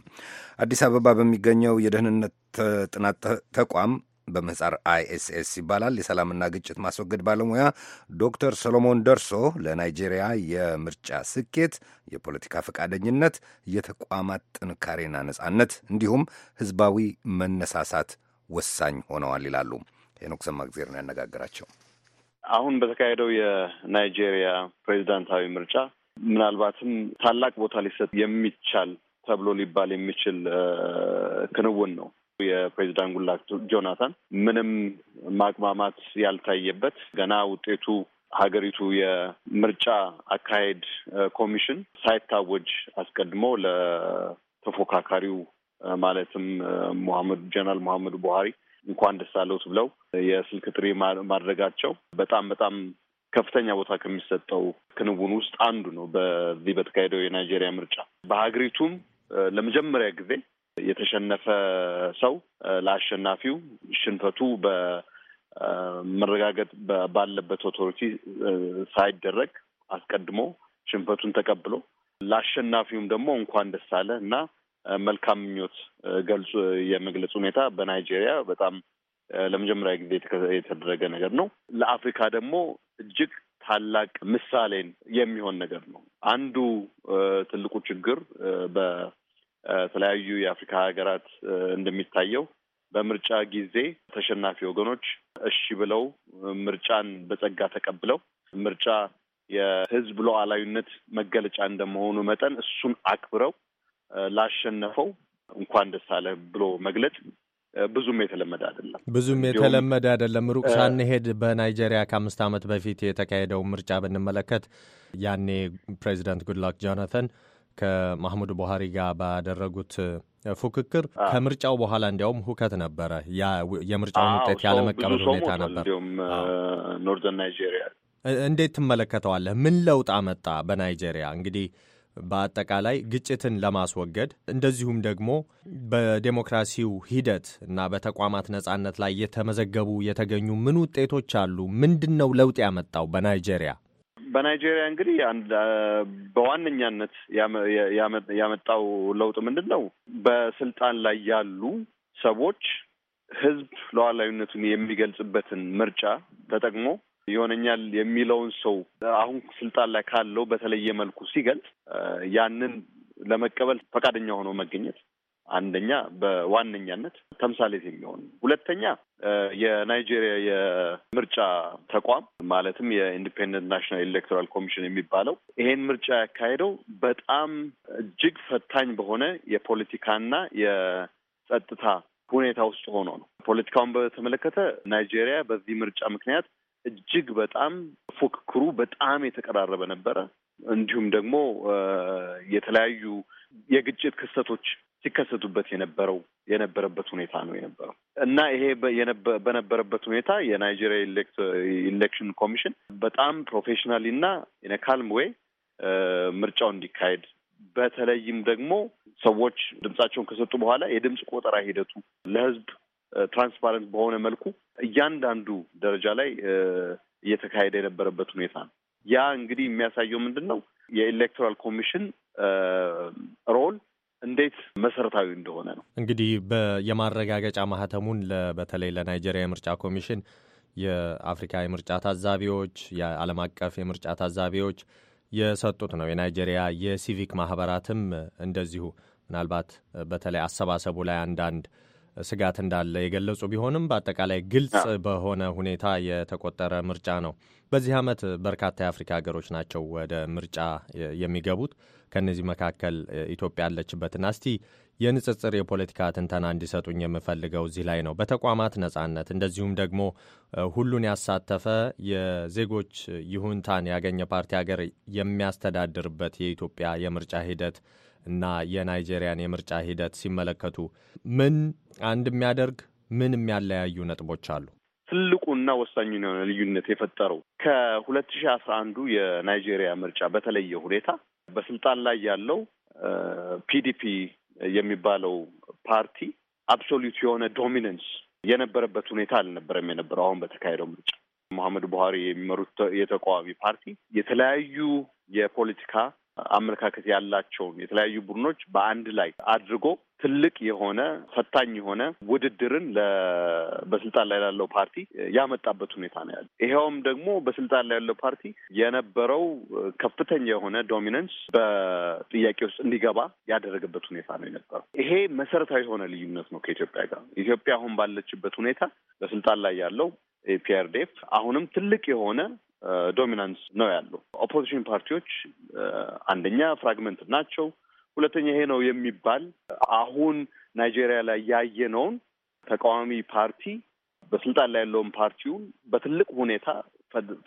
አዲስ አበባ በሚገኘው የደህንነት ጥናት ተቋም በምህፃር አይኤስኤስ ይባላል የሰላምና ግጭት ማስወገድ ባለሙያ ዶክተር ሰሎሞን ደርሶ ለናይጄሪያ የምርጫ ስኬት፣ የፖለቲካ ፈቃደኝነት፣ የተቋማት ጥንካሬና ነጻነት እንዲሁም ህዝባዊ መነሳሳት ወሳኝ ሆነዋል ይላሉ። ሄኖክ ሰማግዜር ነው ያነጋግራቸው። አሁን በተካሄደው የናይጄሪያ ፕሬዚዳንታዊ ምርጫ ምናልባትም ታላቅ ቦታ ሊሰጥ የሚቻል ተብሎ ሊባል የሚችል ክንውን ነው። የፕሬዚዳንት ጉላክ ጆናታን ምንም ማቅማማት ያልታየበት ገና ውጤቱ ሀገሪቱ የምርጫ አካሄድ ኮሚሽን ሳይታወጅ አስቀድሞ ለተፎካካሪው ማለትም ሙሐመድ ጀነራል ሙሐመድ ቡሃሪ እንኳን ደስ አለዎት ብለው የስልክ ጥሪ ማድረጋቸው በጣም በጣም ከፍተኛ ቦታ ከሚሰጠው ክንውን ውስጥ አንዱ ነው። በዚህ በተካሄደው የናይጄሪያ ምርጫ በሀገሪቱም ለመጀመሪያ ጊዜ የተሸነፈ ሰው ለአሸናፊው ሽንፈቱ በመረጋገጥ ባለበት ኦቶሪቲ ሳይደረግ አስቀድሞ ሽንፈቱን ተቀብሎ ለአሸናፊውም ደግሞ እንኳን ደስ አለ እና መልካም ምኞት ገልጹ የመግለጽ ሁኔታ በናይጄሪያ በጣም ለመጀመሪያ ጊዜ የተደረገ ነገር ነው። ለአፍሪካ ደግሞ እጅግ ታላቅ ምሳሌን የሚሆን ነገር ነው። አንዱ ትልቁ ችግር በተለያዩ የአፍሪካ ሀገራት እንደሚታየው በምርጫ ጊዜ ተሸናፊ ወገኖች እሺ ብለው ምርጫን በጸጋ ተቀብለው ምርጫ የሕዝብ ሉዓላዊነት መገለጫ እንደመሆኑ መጠን እሱን አክብረው ላሸነፈው እንኳን ደስ አለ ብሎ መግለጽ ብዙም የተለመደ አይደለም። ብዙም የተለመደ አይደለም። ሩቅ ሳንሄድ በናይጄሪያ ከአምስት ዓመት በፊት የተካሄደው ምርጫ ብንመለከት ያኔ ፕሬዚደንት ጉድላክ ጆናተን ከማህሙድ ቡሃሪ ጋር ባደረጉት ፉክክር ከምርጫው በኋላ እንዲያውም ሁከት ነበረ። የምርጫውን ውጤት ያለመቀበል ሁኔታ ነበር። እንዲሁም ናይጄሪያ እንዴት ትመለከተዋለህ? ምን ለውጥ አመጣ በናይጄሪያ እንግዲህ በአጠቃላይ ግጭትን ለማስወገድ እንደዚሁም ደግሞ በዴሞክራሲው ሂደት እና በተቋማት ነጻነት ላይ የተመዘገቡ የተገኙ ምን ውጤቶች አሉ? ምንድን ነው ለውጥ ያመጣው በናይጄሪያ? በናይጄሪያ እንግዲህ በዋነኛነት ያመጣው ለውጥ ምንድን ነው? በስልጣን ላይ ያሉ ሰዎች ህዝብ ሉዓላዊነቱን የሚገልጽበትን ምርጫ ተጠቅሞ ይሆነኛል የሚለውን ሰው አሁን ስልጣን ላይ ካለው በተለየ መልኩ ሲገልጽ ያንን ለመቀበል ፈቃደኛ ሆኖ መገኘት አንደኛ በዋነኛነት ተምሳሌት የሚሆን ሁለተኛ የናይጄሪያ የምርጫ ተቋም ማለትም የኢንዲፔንደንት ናሽናል ኤሌክቶራል ኮሚሽን የሚባለው ይሄን ምርጫ ያካሄደው በጣም እጅግ ፈታኝ በሆነ የፖለቲካና የጸጥታ ሁኔታ ውስጥ ሆኖ ነው። ፖለቲካውን በተመለከተ ናይጄሪያ በዚህ ምርጫ ምክንያት እጅግ በጣም ፉክክሩ በጣም የተቀራረበ ነበረ። እንዲሁም ደግሞ የተለያዩ የግጭት ክስተቶች ሲከሰቱበት የነበረው የነበረበት ሁኔታ ነው የነበረው እና ይሄ በነበረበት ሁኔታ የናይጄሪያ ኢሌክሽን ኮሚሽን በጣም ፕሮፌሽናሊ እና የነካልም ወይ ምርጫው እንዲካሄድ በተለይም ደግሞ ሰዎች ድምጻቸውን ከሰጡ በኋላ የድምፅ ቆጠራ ሂደቱ ለህዝብ ትራንስፓረንት በሆነ መልኩ እያንዳንዱ ደረጃ ላይ እየተካሄደ የነበረበት ሁኔታ ነው። ያ እንግዲህ የሚያሳየው ምንድን ነው የኤሌክቶራል ኮሚሽን ሮል እንዴት መሰረታዊ እንደሆነ ነው። እንግዲህ የማረጋገጫ ማህተሙን በተለይ ለናይጄሪያ የምርጫ ኮሚሽን የአፍሪካ የምርጫ ታዛቢዎች፣ የዓለም አቀፍ የምርጫ ታዛቢዎች የሰጡት ነው። የናይጄሪያ የሲቪክ ማህበራትም እንደዚሁ ምናልባት በተለይ አሰባሰቡ ላይ አንዳንድ ስጋት እንዳለ የገለጹ ቢሆንም በአጠቃላይ ግልጽ በሆነ ሁኔታ የተቆጠረ ምርጫ ነው። በዚህ ዓመት በርካታ የአፍሪካ ሀገሮች ናቸው ወደ ምርጫ የሚገቡት። ከእነዚህ መካከል ኢትዮጵያ ያለችበትን እስቲ የንጽጽር የፖለቲካ ትንተና እንዲሰጡኝ የምፈልገው እዚህ ላይ ነው። በተቋማት ነጻነት እንደዚሁም ደግሞ ሁሉን ያሳተፈ የዜጎች ይሁንታን ያገኘ ፓርቲ ሀገር የሚያስተዳድርበት የኢትዮጵያ የምርጫ ሂደት እና የናይጄሪያን የምርጫ ሂደት ሲመለከቱ ምን አንድ የሚያደርግ ምን የሚያለያዩ ነጥቦች አሉ? ትልቁና ወሳኙ የሆነ ልዩነት የፈጠረው ከሁለት ሺህ አስራ አንዱ የናይጄሪያ ምርጫ በተለየ ሁኔታ በስልጣን ላይ ያለው ፒዲፒ የሚባለው ፓርቲ አብሶሉት የሆነ ዶሚነንስ የነበረበት ሁኔታ አልነበረም የነበረው አሁን በተካሄደው ምርጫ መሐመድ ቡሃሪ የሚመሩት የተቃዋሚ ፓርቲ የተለያዩ የፖለቲካ አመለካከት ያላቸውን የተለያዩ ቡድኖች በአንድ ላይ አድርጎ ትልቅ የሆነ ፈታኝ የሆነ ውድድርን በስልጣን ላይ ላለው ፓርቲ ያመጣበት ሁኔታ ነው ያለ። ይኸውም ደግሞ በስልጣን ላይ ያለው ፓርቲ የነበረው ከፍተኛ የሆነ ዶሚነንስ በጥያቄ ውስጥ እንዲገባ ያደረገበት ሁኔታ ነው የነበረው። ይሄ መሰረታዊ የሆነ ልዩነት ነው ከኢትዮጵያ ጋር። ኢትዮጵያ አሁን ባለችበት ሁኔታ በስልጣን ላይ ያለው ፒአርዴፍ አሁንም ትልቅ የሆነ ዶሚናንስ ነው ያለው። ኦፖዚሽን ፓርቲዎች አንደኛ ፍራግመንት ናቸው፣ ሁለተኛ ይሄ ነው የሚባል አሁን ናይጄሪያ ላይ ያየነውን ተቃዋሚ ፓርቲ በስልጣን ላይ ያለውን ፓርቲውን በትልቅ ሁኔታ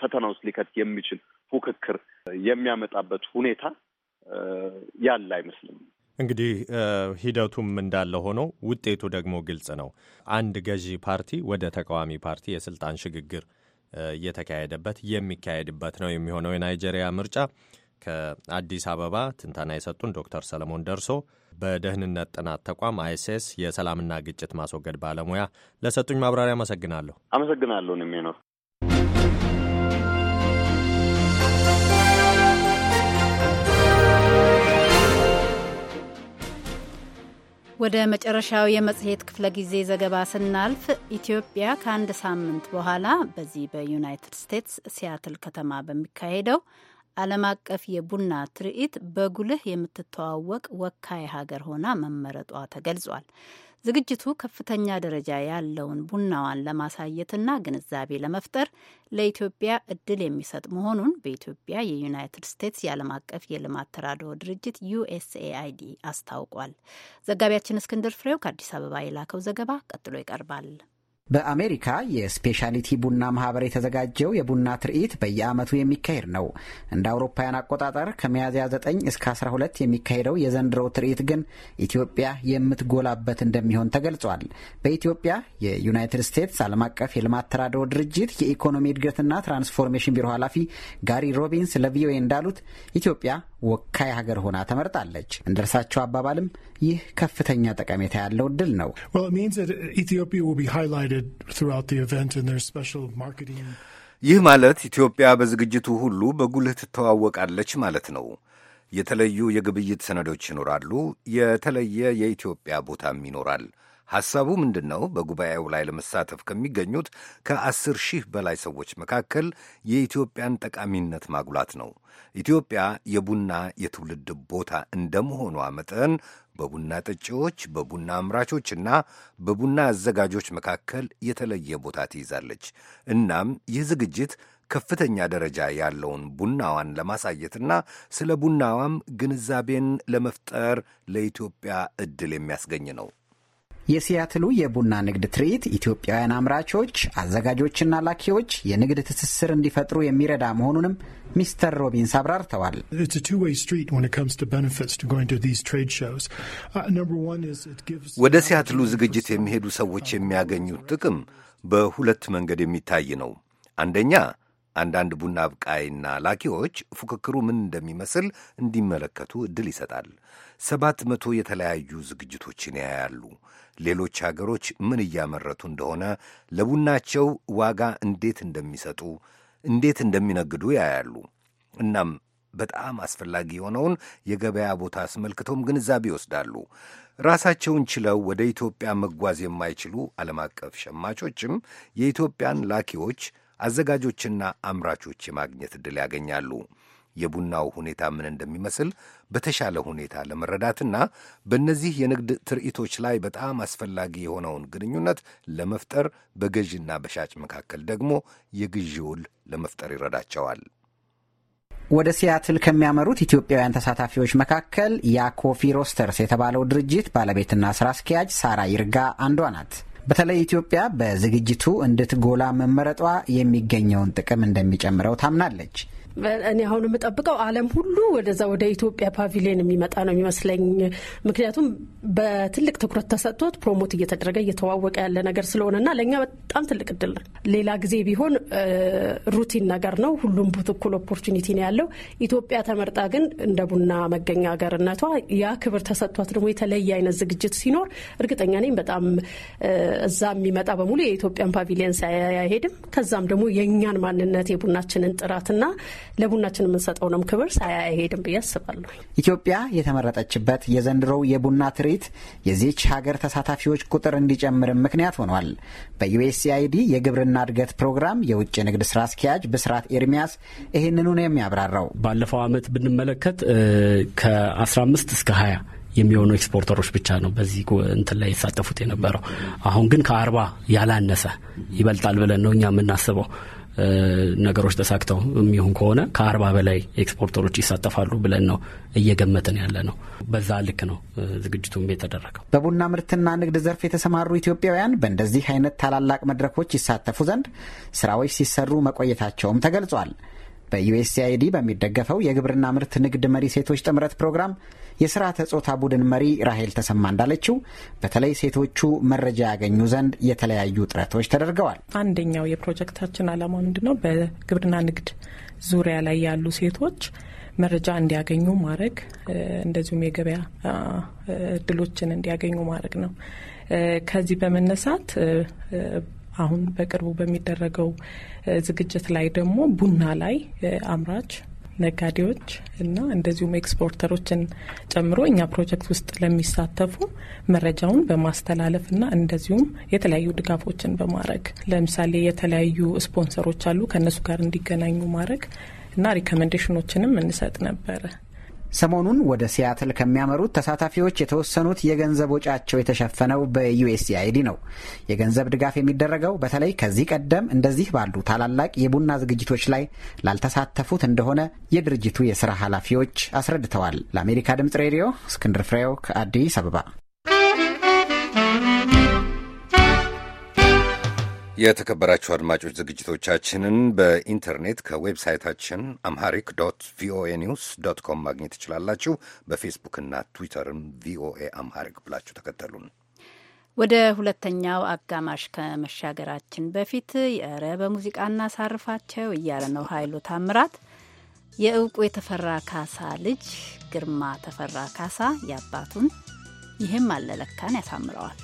ፈተና ውስጥ ሊከት የሚችል ፉክክር የሚያመጣበት ሁኔታ ያለ አይመስልም። እንግዲህ ሂደቱም እንዳለ ሆኖ ውጤቱ ደግሞ ግልጽ ነው። አንድ ገዢ ፓርቲ ወደ ተቃዋሚ ፓርቲ የስልጣን ሽግግር እየተካሄደበት የሚካሄድበት ነው የሚሆነው የናይጄሪያ ምርጫ። ከአዲስ አበባ ትንተና የሰጡን ዶክተር ሰለሞን ደርሶ በደህንነት ጥናት ተቋም አይሴስ የሰላምና ግጭት ማስወገድ ባለሙያ ለሰጡኝ ማብራሪያ አመሰግናለሁ። አመሰግናለሁ። ነው ወደ መጨረሻው የመጽሔት ክፍለ ጊዜ ዘገባ ስናልፍ ኢትዮጵያ ከአንድ ሳምንት በኋላ በዚህ በዩናይትድ ስቴትስ ሲያትል ከተማ በሚካሄደው ዓለም አቀፍ የቡና ትርኢት በጉልህ የምትተዋወቅ ወካይ ሀገር ሆና መመረጧ ተገልጿል። ዝግጅቱ ከፍተኛ ደረጃ ያለውን ቡናዋን ለማሳየትና ግንዛቤ ለመፍጠር ለኢትዮጵያ እድል የሚሰጥ መሆኑን በኢትዮጵያ የዩናይትድ ስቴትስ የዓለም አቀፍ የልማት ተራድኦ ድርጅት ዩኤስኤአይዲ አስታውቋል። ዘጋቢያችን እስክንድር ፍሬው ከአዲስ አበባ የላከው ዘገባ ቀጥሎ ይቀርባል። በአሜሪካ የስፔሻሊቲ ቡና ማህበር የተዘጋጀው የቡና ትርኢት በየዓመቱ የሚካሄድ ነው። እንደ አውሮፓውያን አቆጣጠር ከሚያዝያ 9 እስከ 12 የሚካሄደው የዘንድሮው ትርኢት ግን ኢትዮጵያ የምትጎላበት እንደሚሆን ተገልጿል። በኢትዮጵያ የዩናይትድ ስቴትስ ዓለም አቀፍ የልማት ተራድኦ ድርጅት የኢኮኖሚ እድገትና ትራንስፎርሜሽን ቢሮ ኃላፊ ጋሪ ሮቢንስ ለቪኦኤ እንዳሉት ኢትዮጵያ ወካይ ሀገር ሆና ተመርጣለች። እንደ እርሳቸው አባባልም ይህ ከፍተኛ ጠቀሜታ ያለው ድል ነው። distributed throughout the event in their special marketing. ይህ ማለት ኢትዮጵያ በዝግጅቱ ሁሉ በጉልህ ትተዋወቃለች ማለት ነው። የተለዩ የግብይት ሰነዶች ይኖራሉ። የተለየ የኢትዮጵያ ቦታም ይኖራል። ሐሳቡ ምንድን ነው? በጉባኤው ላይ ለመሳተፍ ከሚገኙት ከአስር ሺህ በላይ ሰዎች መካከል የኢትዮጵያን ጠቃሚነት ማጉላት ነው። ኢትዮጵያ የቡና የትውልድ ቦታ እንደመሆኗ መጠን በቡና ጠጪዎች፣ በቡና አምራቾችና በቡና አዘጋጆች መካከል የተለየ ቦታ ትይዛለች። እናም ይህ ዝግጅት ከፍተኛ ደረጃ ያለውን ቡናዋን ለማሳየትና ስለ ቡናዋም ግንዛቤን ለመፍጠር ለኢትዮጵያ ዕድል የሚያስገኝ ነው። የሲያትሉ የቡና ንግድ ትርኢት ኢትዮጵያውያን አምራቾች፣ አዘጋጆችና ላኪዎች የንግድ ትስስር እንዲፈጥሩ የሚረዳ መሆኑንም ሚስተር ሮቢንስ አብራርተዋል። uh, ወደ ሲያትሉ ዝግጅት የሚሄዱ ሰዎች የሚያገኙት ጥቅም በሁለት መንገድ የሚታይ ነው። አንደኛ አንዳንድ ቡና አብቃይና ላኪዎች ፉክክሩ ምን እንደሚመስል እንዲመለከቱ ዕድል ይሰጣል። ሰባት መቶ የተለያዩ ዝግጅቶችን ያያሉ። ሌሎች ሀገሮች ምን እያመረቱ እንደሆነ፣ ለቡናቸው ዋጋ እንዴት እንደሚሰጡ፣ እንዴት እንደሚነግዱ ያያሉ። እናም በጣም አስፈላጊ የሆነውን የገበያ ቦታ አስመልክተውም ግንዛቤ ይወስዳሉ። ራሳቸውን ችለው ወደ ኢትዮጵያ መጓዝ የማይችሉ ዓለም አቀፍ ሸማቾችም የኢትዮጵያን ላኪዎች፣ አዘጋጆችና አምራቾች የማግኘት ዕድል ያገኛሉ። የቡናው ሁኔታ ምን እንደሚመስል በተሻለ ሁኔታ ለመረዳትና በእነዚህ የንግድ ትርኢቶች ላይ በጣም አስፈላጊ የሆነውን ግንኙነት ለመፍጠር በገዥና በሻጭ መካከል ደግሞ የግዢ ውል ለመፍጠር ይረዳቸዋል። ወደ ሲያትል ከሚያመሩት ኢትዮጵያውያን ተሳታፊዎች መካከል ያኮፊ ሮስተርስ የተባለው ድርጅት ባለቤትና ስራ አስኪያጅ ሳራ ይርጋ አንዷ ናት። በተለይ ኢትዮጵያ በዝግጅቱ እንድትጎላ መመረጧ የሚገኘውን ጥቅም እንደሚጨምረው ታምናለች። እኔ አሁን የምጠብቀው ዓለም ሁሉ ወደዛ ወደ ኢትዮጵያ ፓቪሊዮን የሚመጣ ነው የሚመስለኝ። ምክንያቱም በትልቅ ትኩረት ተሰጥቶት ፕሮሞት እየተደረገ እየተዋወቀ ያለ ነገር ስለሆነና ለእኛ በጣም ትልቅ እድል ነው። ሌላ ጊዜ ቢሆን ሩቲን ነገር ነው። ሁሉም ቡትኩል ኦፖርቹኒቲ ነው ያለው። ኢትዮጵያ ተመርጣ ግን እንደ ቡና መገኛ ሀገርነቷ ያ ክብር ተሰጥቷት ደግሞ የተለየ አይነት ዝግጅት ሲኖር እርግጠኛ ነኝ በጣም እዛ የሚመጣ በሙሉ የኢትዮጵያን ፓቪሊዮን ሳያሄድም ከዛም ደግሞ የእኛን ማንነት የቡናችንን ጥራትና ለቡናችን የምንሰጠውንም ክብር ሳያሄድም ብዬ አስባለሁ። ኢትዮጵያ የተመረጠችበት የዘንድሮው የቡና ትርኢት የዚች ሀገር ተሳታፊዎች ቁጥር እንዲጨምርም ምክንያት ሆኗል። በዩኤስኤአይዲ የግብርና እድገት ፕሮግራም የውጭ ንግድ ስራ አስኪያጅ ብስራት ኤርሚያስ ይህንኑ ነው የሚያብራራው። ባለፈው ዓመት ብንመለከት ከ15 እስከ 20 የሚሆኑ ኤክስፖርተሮች ብቻ ነው በዚህ እንትን ላይ የተሳተፉት የነበረው። አሁን ግን ከአርባ ያላነሰ ይበልጣል ብለን ነው እኛ የምናስበው። ነገሮች ተሳክተው የሚሆን ከሆነ ከአርባ በላይ ኤክስፖርተሮች ይሳተፋሉ ብለን ነው እየገመትን ያለ ነው። በዛ ልክ ነው ዝግጅቱም የተደረገው። በቡና ምርትና ንግድ ዘርፍ የተሰማሩ ኢትዮጵያውያን በእንደዚህ አይነት ታላላቅ መድረኮች ይሳተፉ ዘንድ ስራዎች ሲሰሩ መቆየታቸውም ተገልጿል። በዩኤስኤአይዲ በሚደገፈው የግብርና ምርት ንግድ መሪ ሴቶች ጥምረት ፕሮግራም የስርዓተ ጾታ ቡድን መሪ ራሄል ተሰማ እንዳለችው በተለይ ሴቶቹ መረጃ ያገኙ ዘንድ የተለያዩ ጥረቶች ተደርገዋል። አንደኛው የፕሮጀክታችን ዓላማ ምንድን ነው? በግብርና ንግድ ዙሪያ ላይ ያሉ ሴቶች መረጃ እንዲያገኙ ማድረግ እንደዚሁም የገበያ እድሎችን እንዲያገኙ ማድረግ ነው። ከዚህ በመነሳት አሁን በቅርቡ በሚደረገው ዝግጅት ላይ ደግሞ ቡና ላይ አምራች ነጋዴዎች እና እንደዚሁም ኤክስፖርተሮችን ጨምሮ እኛ ፕሮጀክት ውስጥ ለሚሳተፉ መረጃውን በማስተላለፍ እና እንደዚሁም የተለያዩ ድጋፎችን በማድረግ ለምሳሌ የተለያዩ ስፖንሰሮች አሉ ከእነሱ ጋር እንዲገናኙ ማድረግ እና ሪኮመንዴሽኖችንም እንሰጥ ነበረ። ሰሞኑን ወደ ሲያትል ከሚያመሩት ተሳታፊዎች የተወሰኑት የገንዘብ ወጫቸው የተሸፈነው በዩኤስኤአይዲ ነው። የገንዘብ ድጋፍ የሚደረገው በተለይ ከዚህ ቀደም እንደዚህ ባሉ ታላላቅ የቡና ዝግጅቶች ላይ ላልተሳተፉት እንደሆነ የድርጅቱ የስራ ኃላፊዎች አስረድተዋል። ለአሜሪካ ድምጽ ሬዲዮ እስክንድር ፍሬው ከአዲስ አበባ የተከበራችሁ አድማጮች ዝግጅቶቻችንን በኢንተርኔት ከዌብሳይታችን አምሃሪክ ዶት ቪኦኤ ኒውስ ዶት ኮም ማግኘት ትችላላችሁ። በፌስቡክና ትዊተርም ቪኦኤ አምሃሪክ ብላችሁ ተከተሉን። ወደ ሁለተኛው አጋማሽ ከመሻገራችን በፊት የረ በሙዚቃ እናሳርፋቸው እያለ ነው ኃይሉ ታምራት። የእውቁ የተፈራ ካሳ ልጅ ግርማ ተፈራ ካሳ የአባቱን ይህም አለለካን ያሳምረዋል።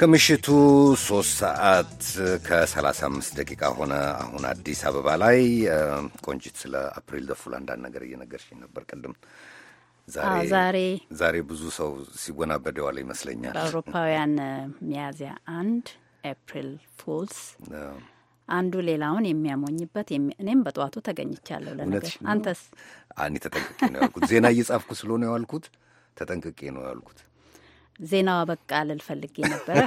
ከምሽቱ 3 ሰዓት ከ35 ደቂቃ ሆነ። አሁን አዲስ አበባ ላይ ቆንጂት፣ ስለ አፕሪል ደፉል አንዳንድ ነገር እየነገርሽኝ ነበር ቅድም። ዛሬ ብዙ ሰው ሲወናበድ የዋለ ይመስለኛል። በአውሮፓውያን ሚያዝያ አንድ ኤፕሪል ፉልስ አንዱ ሌላውን የሚያሞኝበት እኔም በጠዋቱ ተገኝቻለሁ። ለነገር አንተስ? እኔ ተጠንቅቄ ነው ያልኩት። ዜና እየጻፍኩ ስለሆነ ያልኩት ተጠንቅቄ ነው ያልኩት። ዜናው አበቃ ልል ፈልጌ ነበረ።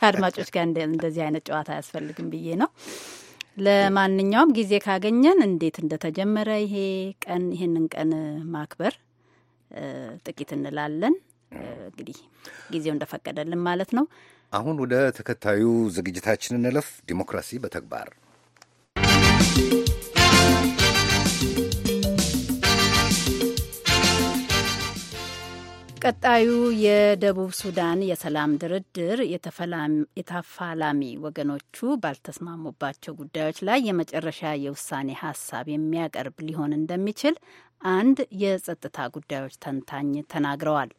ከአድማጮች ጋር እንደዚህ አይነት ጨዋታ አያስፈልግም ብዬ ነው። ለማንኛውም ጊዜ ካገኘን እንዴት እንደተጀመረ ይሄ ቀን ይህንን ቀን ማክበር ጥቂት እንላለን። እንግዲህ ጊዜው እንደፈቀደልን ማለት ነው። አሁን ወደ ተከታዩ ዝግጅታችን እንለፍ። ዲሞክራሲ በተግባር ቀጣዩ የደቡብ ሱዳን የሰላም ድርድር የተፋላሚ ወገኖቹ ባልተስማሙባቸው ጉዳዮች ላይ የመጨረሻ የውሳኔ ሀሳብ የሚያቀርብ ሊሆን እንደሚችል አንድ የጸጥታ ጉዳዮች ተንታኝ ተናግረዋል።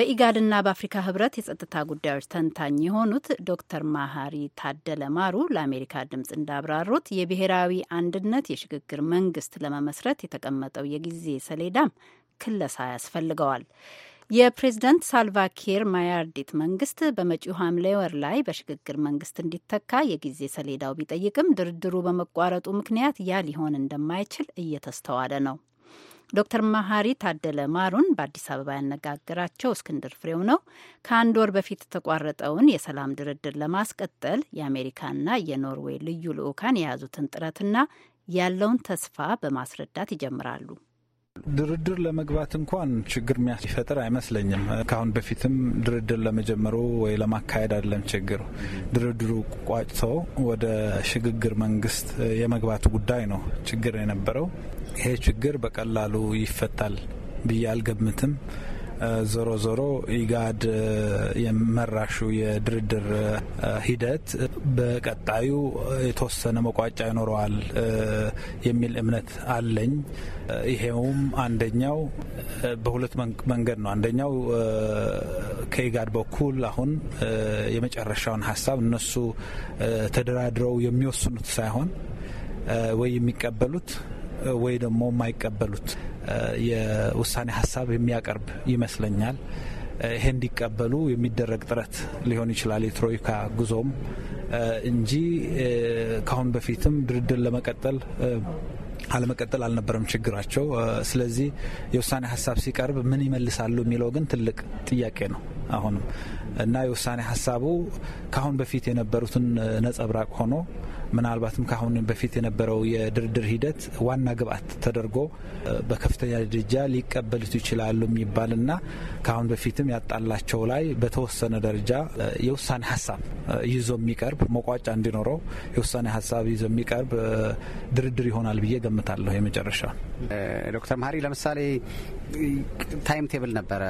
በኢጋድና በአፍሪካ ህብረት የጸጥታ ጉዳዮች ተንታኝ የሆኑት ዶክተር ማሃሪ ታደለ ማሩ ለአሜሪካ ድምፅ እንዳብራሩት የብሔራዊ አንድነት የሽግግር መንግስት ለመመስረት የተቀመጠው የጊዜ ሰሌዳም ክለሳ ያስፈልገዋል። የፕሬዝደንት ሳልቫኪር ማያርዲት መንግስት በመጪው ሐምሌ ወር ላይ በሽግግር መንግስት እንዲተካ የጊዜ ሰሌዳው ቢጠይቅም ድርድሩ በመቋረጡ ምክንያት ያ ሊሆን እንደማይችል እየተስተዋለ ነው። ዶክተር መሀሪ ታደለ ማሩን በአዲስ አበባ ያነጋገራቸው እስክንድር ፍሬው ነው። ከአንድ ወር በፊት የተቋረጠውን የሰላም ድርድር ለማስቀጠል የአሜሪካና የኖርዌይ ልዩ ልዑካን የያዙትን ጥረትና ያለውን ተስፋ በማስረዳት ይጀምራሉ። ድርድር ለመግባት እንኳን ችግር የሚያስፈጥር አይመስለኝም። ከአሁን በፊትም ድርድር ለመጀመሩ ወይ ለማካሄድ አይደለም ችግሩ፣ ድርድሩ ቋጭቶ ወደ ሽግግር መንግስት የመግባት ጉዳይ ነው ችግር የነበረው። ይሄ ችግር በቀላሉ ይፈታል ብዬ አልገምትም። ዞሮ ዞሮ ኢጋድ የመራሹ የድርድር ሂደት በቀጣዩ የተወሰነ መቋጫ ይኖረዋል የሚል እምነት አለኝ። ይሄውም አንደኛው በሁለት መንገድ ነው። አንደኛው ከኢጋድ በኩል አሁን የመጨረሻውን ሀሳብ እነሱ ተደራድረው የሚወስኑት ሳይሆን ወይ የሚቀበሉት ወይ ደግሞ የማይቀበሉት የውሳኔ ሀሳብ የሚያቀርብ ይመስለኛል። ይሄ እንዲቀበሉ የሚደረግ ጥረት ሊሆን ይችላል የትሮይካ ጉዞም እንጂ ከአሁን በፊትም ድርድር ለመቀጠል አለመቀጠል አልነበረም ችግራቸው። ስለዚህ የውሳኔ ሀሳብ ሲቀርብ ምን ይመልሳሉ የሚለው ግን ትልቅ ጥያቄ ነው አሁንም እና የውሳኔ ሀሳቡ ከአሁን በፊት የነበሩትን ነጸብራቅ ሆኖ ምናልባትም ከአሁን በፊት የነበረው የድርድር ሂደት ዋና ግብአት ተደርጎ በከፍተኛ ደረጃ ሊቀበሉት ይችላሉ የሚባልና ከአሁን በፊትም ያጣላቸው ላይ በተወሰነ ደረጃ የውሳኔ ሀሳብ ይዞ የሚቀርብ መቋጫ እንዲኖረው የውሳኔ ሀሳብ ይዞ የሚቀርብ ድርድር ይሆናል ብዬ ገምታለሁ። የመጨረሻ ዶክተር መሀሪ ለምሳሌ ታይም ቴብል ነበረ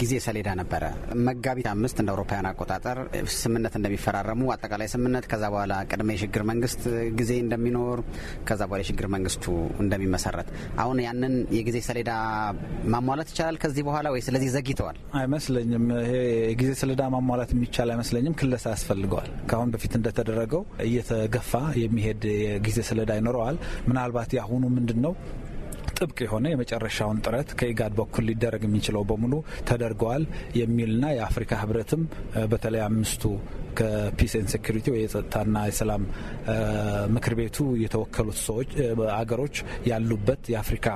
ጊዜ ሰሌዳ ነበረ። መጋቢት አምስት እንደ አውሮፓውያን አቆጣጠር ስምምነት እንደሚፈራረሙ አጠቃላይ ስምምነት፣ ከዛ በኋላ ቅድመ የሽግግር መንግስት ጊዜ እንደሚኖር፣ ከዛ በኋላ የሽግግር መንግስቱ እንደሚመሰረት። አሁን ያንን የጊዜ ሰሌዳ ማሟላት ይቻላል ከዚህ በኋላ ወይ? ስለዚህ ዘግይተዋል አይመስለኝም። ይሄ የጊዜ ሰሌዳ ማሟላት የሚቻል አይመስለኝም። ክለሳ ያስፈልገዋል። ከአሁን በፊት እንደተደረገው እየተገፋ የሚሄድ የጊዜ ሰሌዳ ይኖረዋል። ምናልባት የአሁኑ ምንድን ነው ጥብቅ የሆነ የመጨረሻውን ጥረት ከኢጋድ በኩል ሊደረግ የሚችለው በሙሉ ተደርገዋል የሚልና የአፍሪካ ህብረትም በተለይ አምስቱ ከፒስ ኤን ሴኩሪቲ ወይ የጸጥታና የሰላም ምክር ቤቱ የተወከሉት ሰዎች አገሮች ያሉበት የአፍሪካ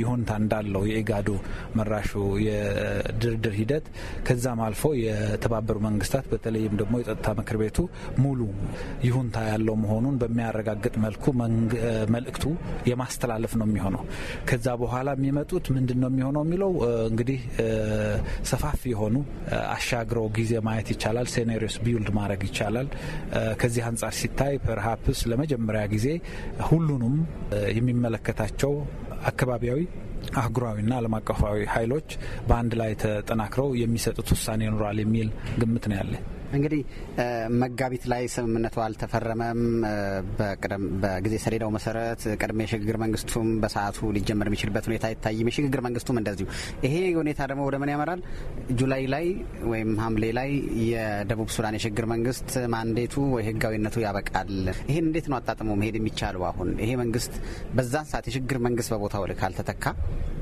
ይሁንታ እንዳለው የኢጋዱ መራሹ የድርድር ሂደት ከዛም አልፎ የተባበሩ መንግስታት በተለይም ደግሞ የጸጥታ ምክር ቤቱ ሙሉ ይሁንታ ያለው መሆኑን በሚያረጋግጥ መልኩ መልእክቱ የማስተላለፍ ነው የሚሆነው። ከዛ በኋላ የሚመጡት ምንድን ነው የሚሆነው የሚለው እንግዲህ ሰፋፊ የሆኑ አሻግረው ጊዜ ማየት ይቻላል። ሴኔሪዮስ ቢውልድ ማድረግ ይቻላል። ከዚህ አንጻር ሲታይ ፐርሃፕስ ለመጀመሪያ ጊዜ ሁሉንም የሚመለከታቸው አካባቢያዊ አህጉራዊና ዓለም አቀፋዊ ኃይሎች በአንድ ላይ ተጠናክረው የሚሰጡት ውሳኔ ይኖራል የሚል ግምት ነው ያለ። እንግዲህ መጋቢት ላይ ስምምነቱ አልተፈረመም። በጊዜ ሰሌዳው መሰረት ቀድሞ የሽግግር መንግስቱም በሰዓቱ ሊጀመር የሚችልበት ሁኔታ አይታይም። የሽግግር መንግስቱም እንደዚሁ። ይሄ ሁኔታ ደግሞ ወደ ምን ያመራል? ጁላይ ላይ ወይም ሐምሌ ላይ የደቡብ ሱዳን የሽግግር መንግስት ማንዴቱ ወይ ህጋዊነቱ ያበቃል። ይሄን እንዴት ነው አጣጥሞ መሄድ የሚቻለው? አሁን ይሄ መንግስት በዛን ሰዓት የሽግግር መንግስት በቦታው ላይ ካልተተካ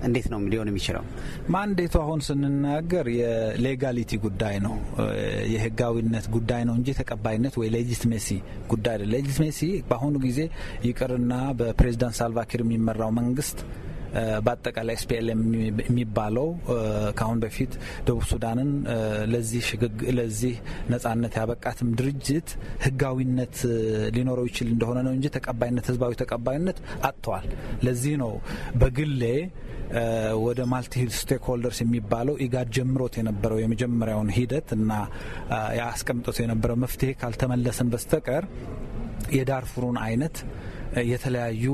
እንዴት ነው ሊሆን የሚችለው? ማንዴቱ አሁን ስንናገር የሌጋሊቲ ጉዳይ ነው የህጋዊ ህጋዊነት ጉዳይ ነው እንጂ ተቀባይነት ወይ ሌጂትሜሲ ጉዳይ ሌጂትሜሲ በአሁኑ ጊዜ ይቅርና በፕሬዚዳንት ሳልቫኪር የሚመራው መንግስት በአጠቃላይ ኤስፒኤልኤም የሚባለው ከአሁን በፊት ደቡብ ሱዳንን ለዚህ ለዚህ ነጻነት ያበቃትም ድርጅት ህጋዊነት ሊኖረው ይችል እንደሆነ ነው እንጂ ተቀባይነት ህዝባዊ ተቀባይነት አጥተዋል። ለዚህ ነው በግሌ ወደ ማልቲ ስቴክሆልደርስ የሚባለው ኢጋድ ጀምሮት የነበረው የመጀመሪያውን ሂደት እና ያስቀምጦት የነበረው መፍትሄ ካልተመለሰን በስተቀር የዳርፉሩን አይነት የተለያዩ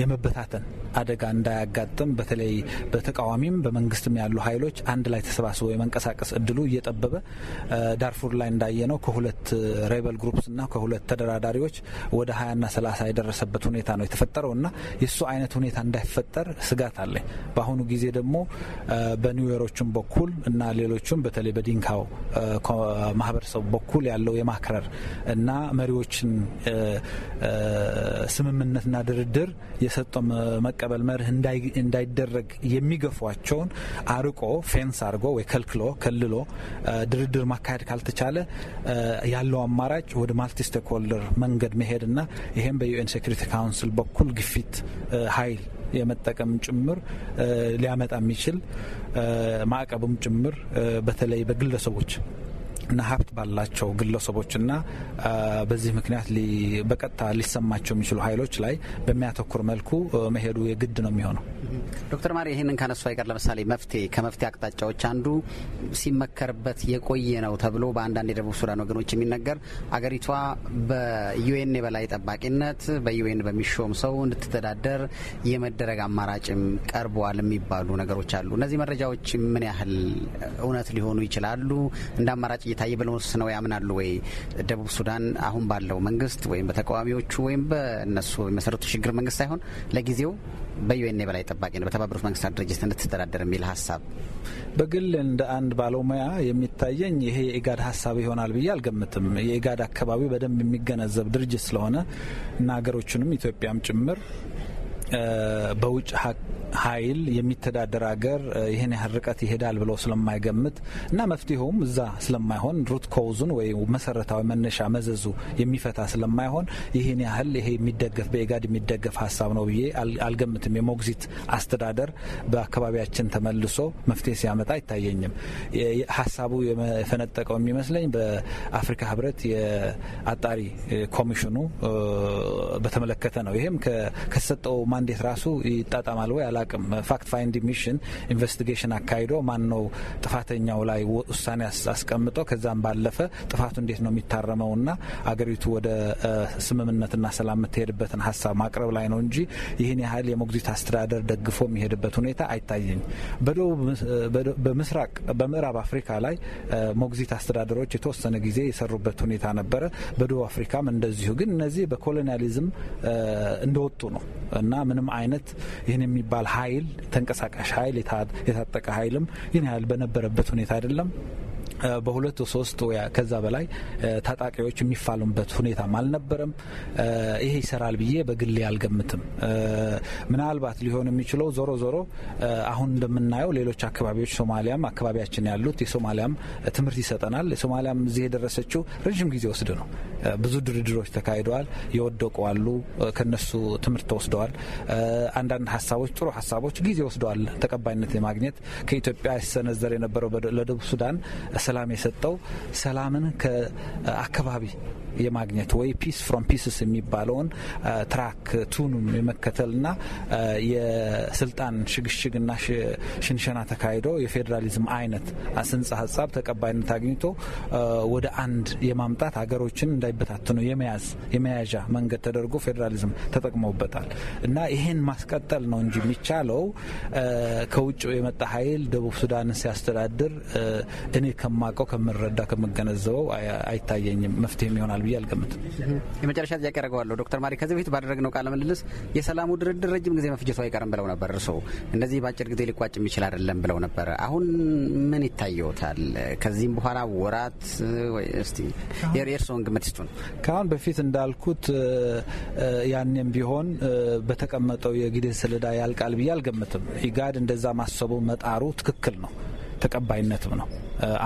የመበታተን አደጋ እንዳያጋጥም በተለይ በተቃዋሚም በመንግስትም ያሉ ኃይሎች አንድ ላይ ተሰባስበው የመንቀሳቀስ እድሉ እየጠበበ ዳርፉር ላይ እንዳየ ነው ከሁለት ሬበል እና ከሁለት ተደራዳሪዎች ወደ ሀያና ሰላሳ የደረሰበት ሁኔታ ነው የተፈጠረው እና የእሱ አይነት ሁኔታ እንዳይፈጠር ስጋት አለኝ። በአሁኑ ጊዜ ደግሞ በኒውዌሮቹም በኩል እና ሌሎችም በተለይ በዲንካው ማህበረሰቡ በኩል ያለው የማክረር እና መሪዎችን ስምምነትና ድርድር የሰጠው መቀበል መርህ እንዳይደረግ የሚገፏቸውን አርቆ ፌንስ አድርጎ ወይ ከልክሎ ከልሎ ድርድር ማካሄድ ካልተቻለ ያለው አማራጭ ወደ ማልቲ ስቴክሆልደር መንገድ መሄድና ይሄም በዩኤን ሴኩሪቲ ካውንስል በኩል ግፊት ኃይል የመጠቀም ጭምር ሊያመጣ የሚችል ማዕቀቡም ጭምር በተለይ በግለሰቦች እና ሀብት ባላቸው ግለሰቦችና በዚህ ምክንያት በቀጥታ ሊሰማቸው የሚችሉ ኃይሎች ላይ በሚያተኩር መልኩ መሄዱ የግድ ነው የሚሆነው። ዶክተር ማሪ ይህንን ካነሱ አይቀር ለምሳሌ መፍትሄ ከመፍትሄ አቅጣጫዎች አንዱ ሲመከርበት የቆየ ነው ተብሎ በአንዳንድ የደቡብ ሱዳን ወገኖች የሚነገር አገሪቷ በዩኤን የበላይ ጠባቂነት በዩኤን በሚሾም ሰው እንድትተዳደር የመደረግ አማራጭም ቀርበዋል የሚባሉ ነገሮች አሉ። እነዚህ መረጃዎች ምን ያህል እውነት ሊሆኑ ይችላሉ? እንደ አማራጭ ታዬ ነው ያምናሉ ወይ? ደቡብ ሱዳን አሁን ባለው መንግስት ወይም በተቃዋሚዎቹ ወይም በእነሱ የመሰረቱ ሽግግር መንግስት ሳይሆን ለጊዜው በዩኤን የበላይ ጠባቂ ነው በተባበሩት መንግስታት ድርጅት እንድትተዳደር የሚል ሀሳብ በግል እንደ አንድ ባለሙያ የሚታየኝ ይሄ የኢጋድ ሀሳብ ይሆናል ብዬ አልገምትም። የኢጋድ አካባቢ በደንብ የሚገነዘብ ድርጅት ስለሆነ እና ሀገሮቹንም ኢትዮጵያም ጭምር በውጭ ኃይል የሚተዳደር ሀገር ይህን ያህል ርቀት ይሄዳል ብለው ስለማይገምት እና መፍትሄውም እዛ ስለማይሆን ሩት ኮውዙን ወይ መሰረታዊ መነሻ መዘዙ የሚፈታ ስለማይሆን ይህን ያህል ይሄ የሚደገፍ በኤጋድ የሚደገፍ ሀሳብ ነው ብዬ አልገምትም። የሞግዚት አስተዳደር በአካባቢያችን ተመልሶ መፍትሄ ሲያመጣ አይታየኝም። ሀሳቡ የፈነጠቀው የሚመስለኝ በአፍሪካ ህብረት የአጣሪ ኮሚሽኑ በተመለከተ ነው። ይህም ከሰጠው እንዴት ራሱ ይጣጣማል ወይ አላቅም። ፋክት ፋይንድ ሚሽን ኢንቨስቲጌሽን አካሂዶ ማን ነው ጥፋተኛው ላይ ውሳኔ አስቀምጦ ከዛም ባለፈ ጥፋቱ እንዴት ነው የሚታረመው እና አገሪቱ ወደ ስምምነትና ሰላም የምትሄድበትን ሀሳብ ማቅረብ ላይ ነው እንጂ ይህን ያህል የሞግዚት አስተዳደር ደግፎ የሚሄድበት ሁኔታ አይታየኝ። በምስራቅ በምዕራብ አፍሪካ ላይ ሞግዚት አስተዳደሮች የተወሰነ ጊዜ የሰሩበት ሁኔታ ነበረ። በደቡብ አፍሪካም እንደዚሁ። ግን እነዚህ በኮሎኒያሊዝም እንደወጡ ነው እና ምንም አይነት ይህን የሚባል ኃይል ተንቀሳቃሽ ኃይል የታጠቀ ኃይልም ይህን ያህል በነበረበት ሁኔታ አይደለም። በሁለት ሶስት ከዛ በላይ ታጣቂዎች የሚፋሉበት ሁኔታም አልነበረም። ይሄ ይሰራል ብዬ በግሌ አልገምትም። ምናልባት ሊሆን የሚችለው ዞሮ ዞሮ አሁን እንደምናየው ሌሎች አካባቢዎች ሶማሊያም አካባቢያችን ያሉት የሶማሊያም ትምህርት ይሰጠናል። ሶማሊያም እዚህ የደረሰችው ረዥም ጊዜ ወስድ ነው። ብዙ ድርድሮች ተካሂደዋል። የወደቁ አሉ፣ ከነሱ ትምህርት ተወስደዋል። አንዳንድ ሀሳቦች፣ ጥሩ ሀሳቦች ጊዜ ወስደዋል ተቀባይነት የማግኘት ከኢትዮጵያ ሲሰነዘር የነበረው ለደቡብ ሱዳን ሰላም የሰጠው ሰላምን ከአካባቢ የማግኘት ወይ ፒስ ፍሮም ፒስስ የሚባለውን ትራክ ቱንም የመከተልና የስልጣን ሽግሽግና ሽንሸና ተካሂዶ የፌዴራሊዝም አይነት ስንጸ ሀሳብ ተቀባይነት አግኝቶ ወደ አንድ የማምጣት ሀገሮችን እንዳይበታትኑ የመያዝ የመያዣ መንገድ ተደርጎ ፌዴራሊዝም ተጠቅሞበታል እና ይሄን ማስቀጠል ነው እንጂ የሚቻለው ከውጭ የመጣ ኃይል ደቡብ ሱዳንን ሲያስተዳድር እኔ ከማውቀው ከምረዳ ከምገነዘበው አይታየኝም መፍትሄም ይሆናል ብዬ አልገምትም። የመጨረሻ ጥያቄ ያደርገዋለሁ። ዶክተር ማሪ ከዚህ በፊት ባደረግነው ቃለ ምልልስ የሰላሙ ድርድር ረጅም ጊዜ መፍጀቱ አይቀርም ብለው ነበር። እርስዎ እንደዚህ በአጭር ጊዜ ሊቋጭ የሚችል አይደለም ብለው ነበር አሁን ምን ይታየዎታል? ከዚህም በኋላ ወራት እስቲ የእርስዎን ግምት ይስጡን። ከአሁን በፊት እንዳልኩት ያኔም ቢሆን በተቀመጠው የጊዜ ሰሌዳ ያልቃል ብዬ አልገምትም። ኢጋድ እንደዛ ማሰቡ መጣሩ ትክክል ነው። ተቀባይነትም ነው።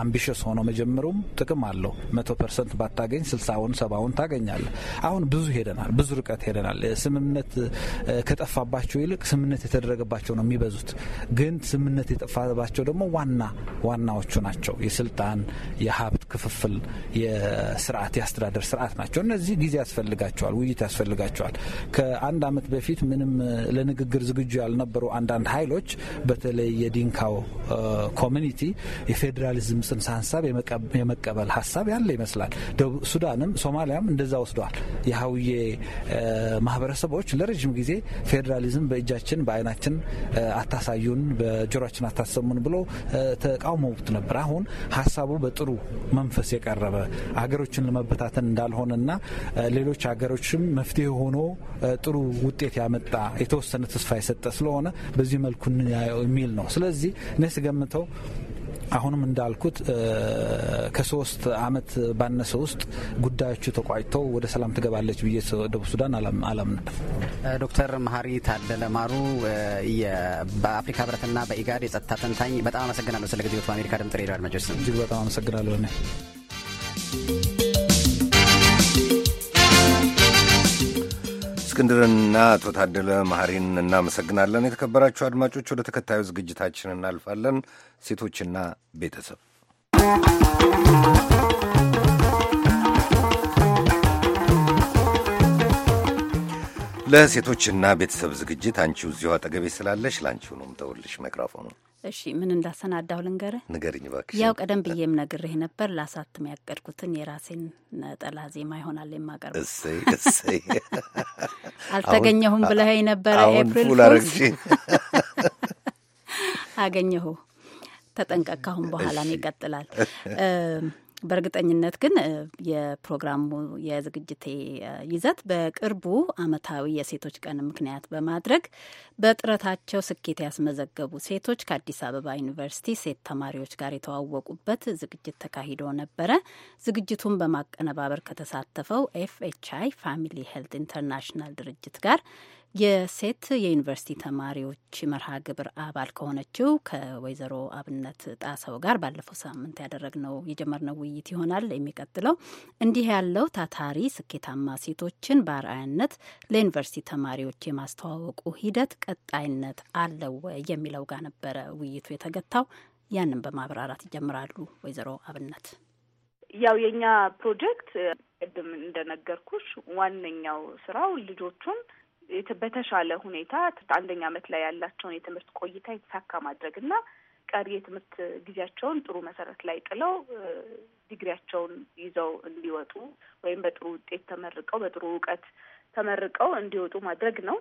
አምቢሽስ ሆኖ መጀመሩም ጥቅም አለው። መቶ ፐርሰንት ባታገኝ ስልሳውን ሰባውን ታገኛለ። አሁን ብዙ ሄደናል፣ ብዙ ርቀት ሄደናል። ስምምነት ከጠፋባቸው ይልቅ ስምምነት የተደረገባቸው ነው የሚበዙት። ግን ስምምነት የጠፋባቸው ደግሞ ዋና ዋናዎቹ ናቸው፣ የስልጣን የሀብት ክፍፍል የስርዓት የአስተዳደር ስርዓት ናቸው። እነዚህ ጊዜ ያስፈልጋቸዋል፣ ውይይት ያስፈልጋቸዋል። ከአንድ አመት በፊት ምንም ለንግግር ዝግጁ ያልነበሩ አንዳንድ ኃይሎች በተለይ የዲንካው ኮሚኒቲ የፌዴራሊዝም ጽንሰ ሀሳብ የመቀበል ሀሳብ ያለ ይመስላል። ደቡብ ሱዳንም ሶማሊያም እንደዛ ወስደዋል። የሀውዬ ማህበረሰቦች ለረዥም ጊዜ ፌዴራሊዝም በእጃችን በአይናችን አታሳዩን፣ በጆሮችን አታሰሙን ብሎ ተቃውሞት ነበር። አሁን ሀሳቡ በጥሩ መንፈስ የቀረበ ሀገሮችን ለመበታተን እንዳልሆነና ሌሎች ሀገሮችም መፍትሄ ሆኖ ጥሩ ውጤት ያመጣ የተወሰነ ተስፋ የሰጠ ስለሆነ በዚህ መልኩ የሚል ነው። ስለዚህ እኔ ስገምተው አሁንም እንዳልኩት ከሶስት አመት ባነሰ ውስጥ ጉዳዮቹ ተቋጭተው ወደ ሰላም ትገባለች ብዬ ደቡብ ሱዳን አላምንም። ዶክተር መሀሪ ታደለ ማሩ በአፍሪካ ህብረትና በኢጋድ የጸጥታ ተንታኝ፣ በጣም አመሰግናለሁ ስለ ጊዜዎት። በአሜሪካ ድምጽ ሬዲዮ አድማጮች ስም እጅግ በጣም አመሰግናለሁ እኔ እስክንድርንና አቶ ታደለ መሐሪን እናመሰግናለን። የተከበራችሁ አድማጮች ወደ ተከታዩ ዝግጅታችን እናልፋለን። ሴቶችና ቤተሰብ ለሴቶችና ቤተሰብ ዝግጅት አንቺው እዚሁ አጠገቤ ስላለሽ ለአንቺው ነው የምተውልሽ ማይክራፎኑ እሺ ምን እንዳሰናዳው ልንገርህ። ንገርኝ እባክሽ። ያው ቀደም ብዬም ነግሬህ ነበር ላሳትም ያቀድኩትን የራሴን ነጠላ ዜማ ይሆናል የማቀርበው። እሰይ እሰይ። አልተገኘሁም ብለኸኝ ነበረ። ኤፕሪል አገኘሁ። ተጠንቀቅ፣ ካሁን በኋላ ይቀጥላል። በእርግጠኝነት ግን የፕሮግራሙ የዝግጅቴ ይዘት በቅርቡ ዓመታዊ የሴቶች ቀን ምክንያት በማድረግ በጥረታቸው ስኬት ያስመዘገቡ ሴቶች ከአዲስ አበባ ዩኒቨርሲቲ ሴት ተማሪዎች ጋር የተዋወቁበት ዝግጅት ተካሂዶ ነበረ። ዝግጅቱን በማቀነባበር ከተሳተፈው ኤፍኤችአይ ፋሚሊ ሄልት ኢንተርናሽናል ድርጅት ጋር የሴት የዩኒቨርሲቲ ተማሪዎች መርሃ ግብር አባል ከሆነችው ከወይዘሮ አብነት ጣሰው ጋር ባለፈው ሳምንት ያደረግነው የጀመርነው ውይይት ይሆናል የሚቀጥለው። እንዲህ ያለው ታታሪ ስኬታማ ሴቶችን በአርአያነት ለዩኒቨርሲቲ ተማሪዎች የማስተዋወቁ ሂደት ቀጣይነት አለው የሚለው ጋር ነበረ ውይይቱ የተገታው። ያንን በማብራራት ይጀምራሉ ወይዘሮ አብነት። ያው የእኛ ፕሮጀክት ቅድም እንደነገርኩሽ ዋነኛው ስራው ልጆቹን በተሻለ ሁኔታ አንደኛ ዓመት ላይ ያላቸውን የትምህርት ቆይታ የተሳካ ማድረግ እና ቀሪ የትምህርት ጊዜያቸውን ጥሩ መሰረት ላይ ጥለው ዲግሪያቸውን ይዘው እንዲወጡ ወይም በጥሩ ውጤት ተመርቀው በጥሩ እውቀት ተመርቀው እንዲወጡ ማድረግ ነው።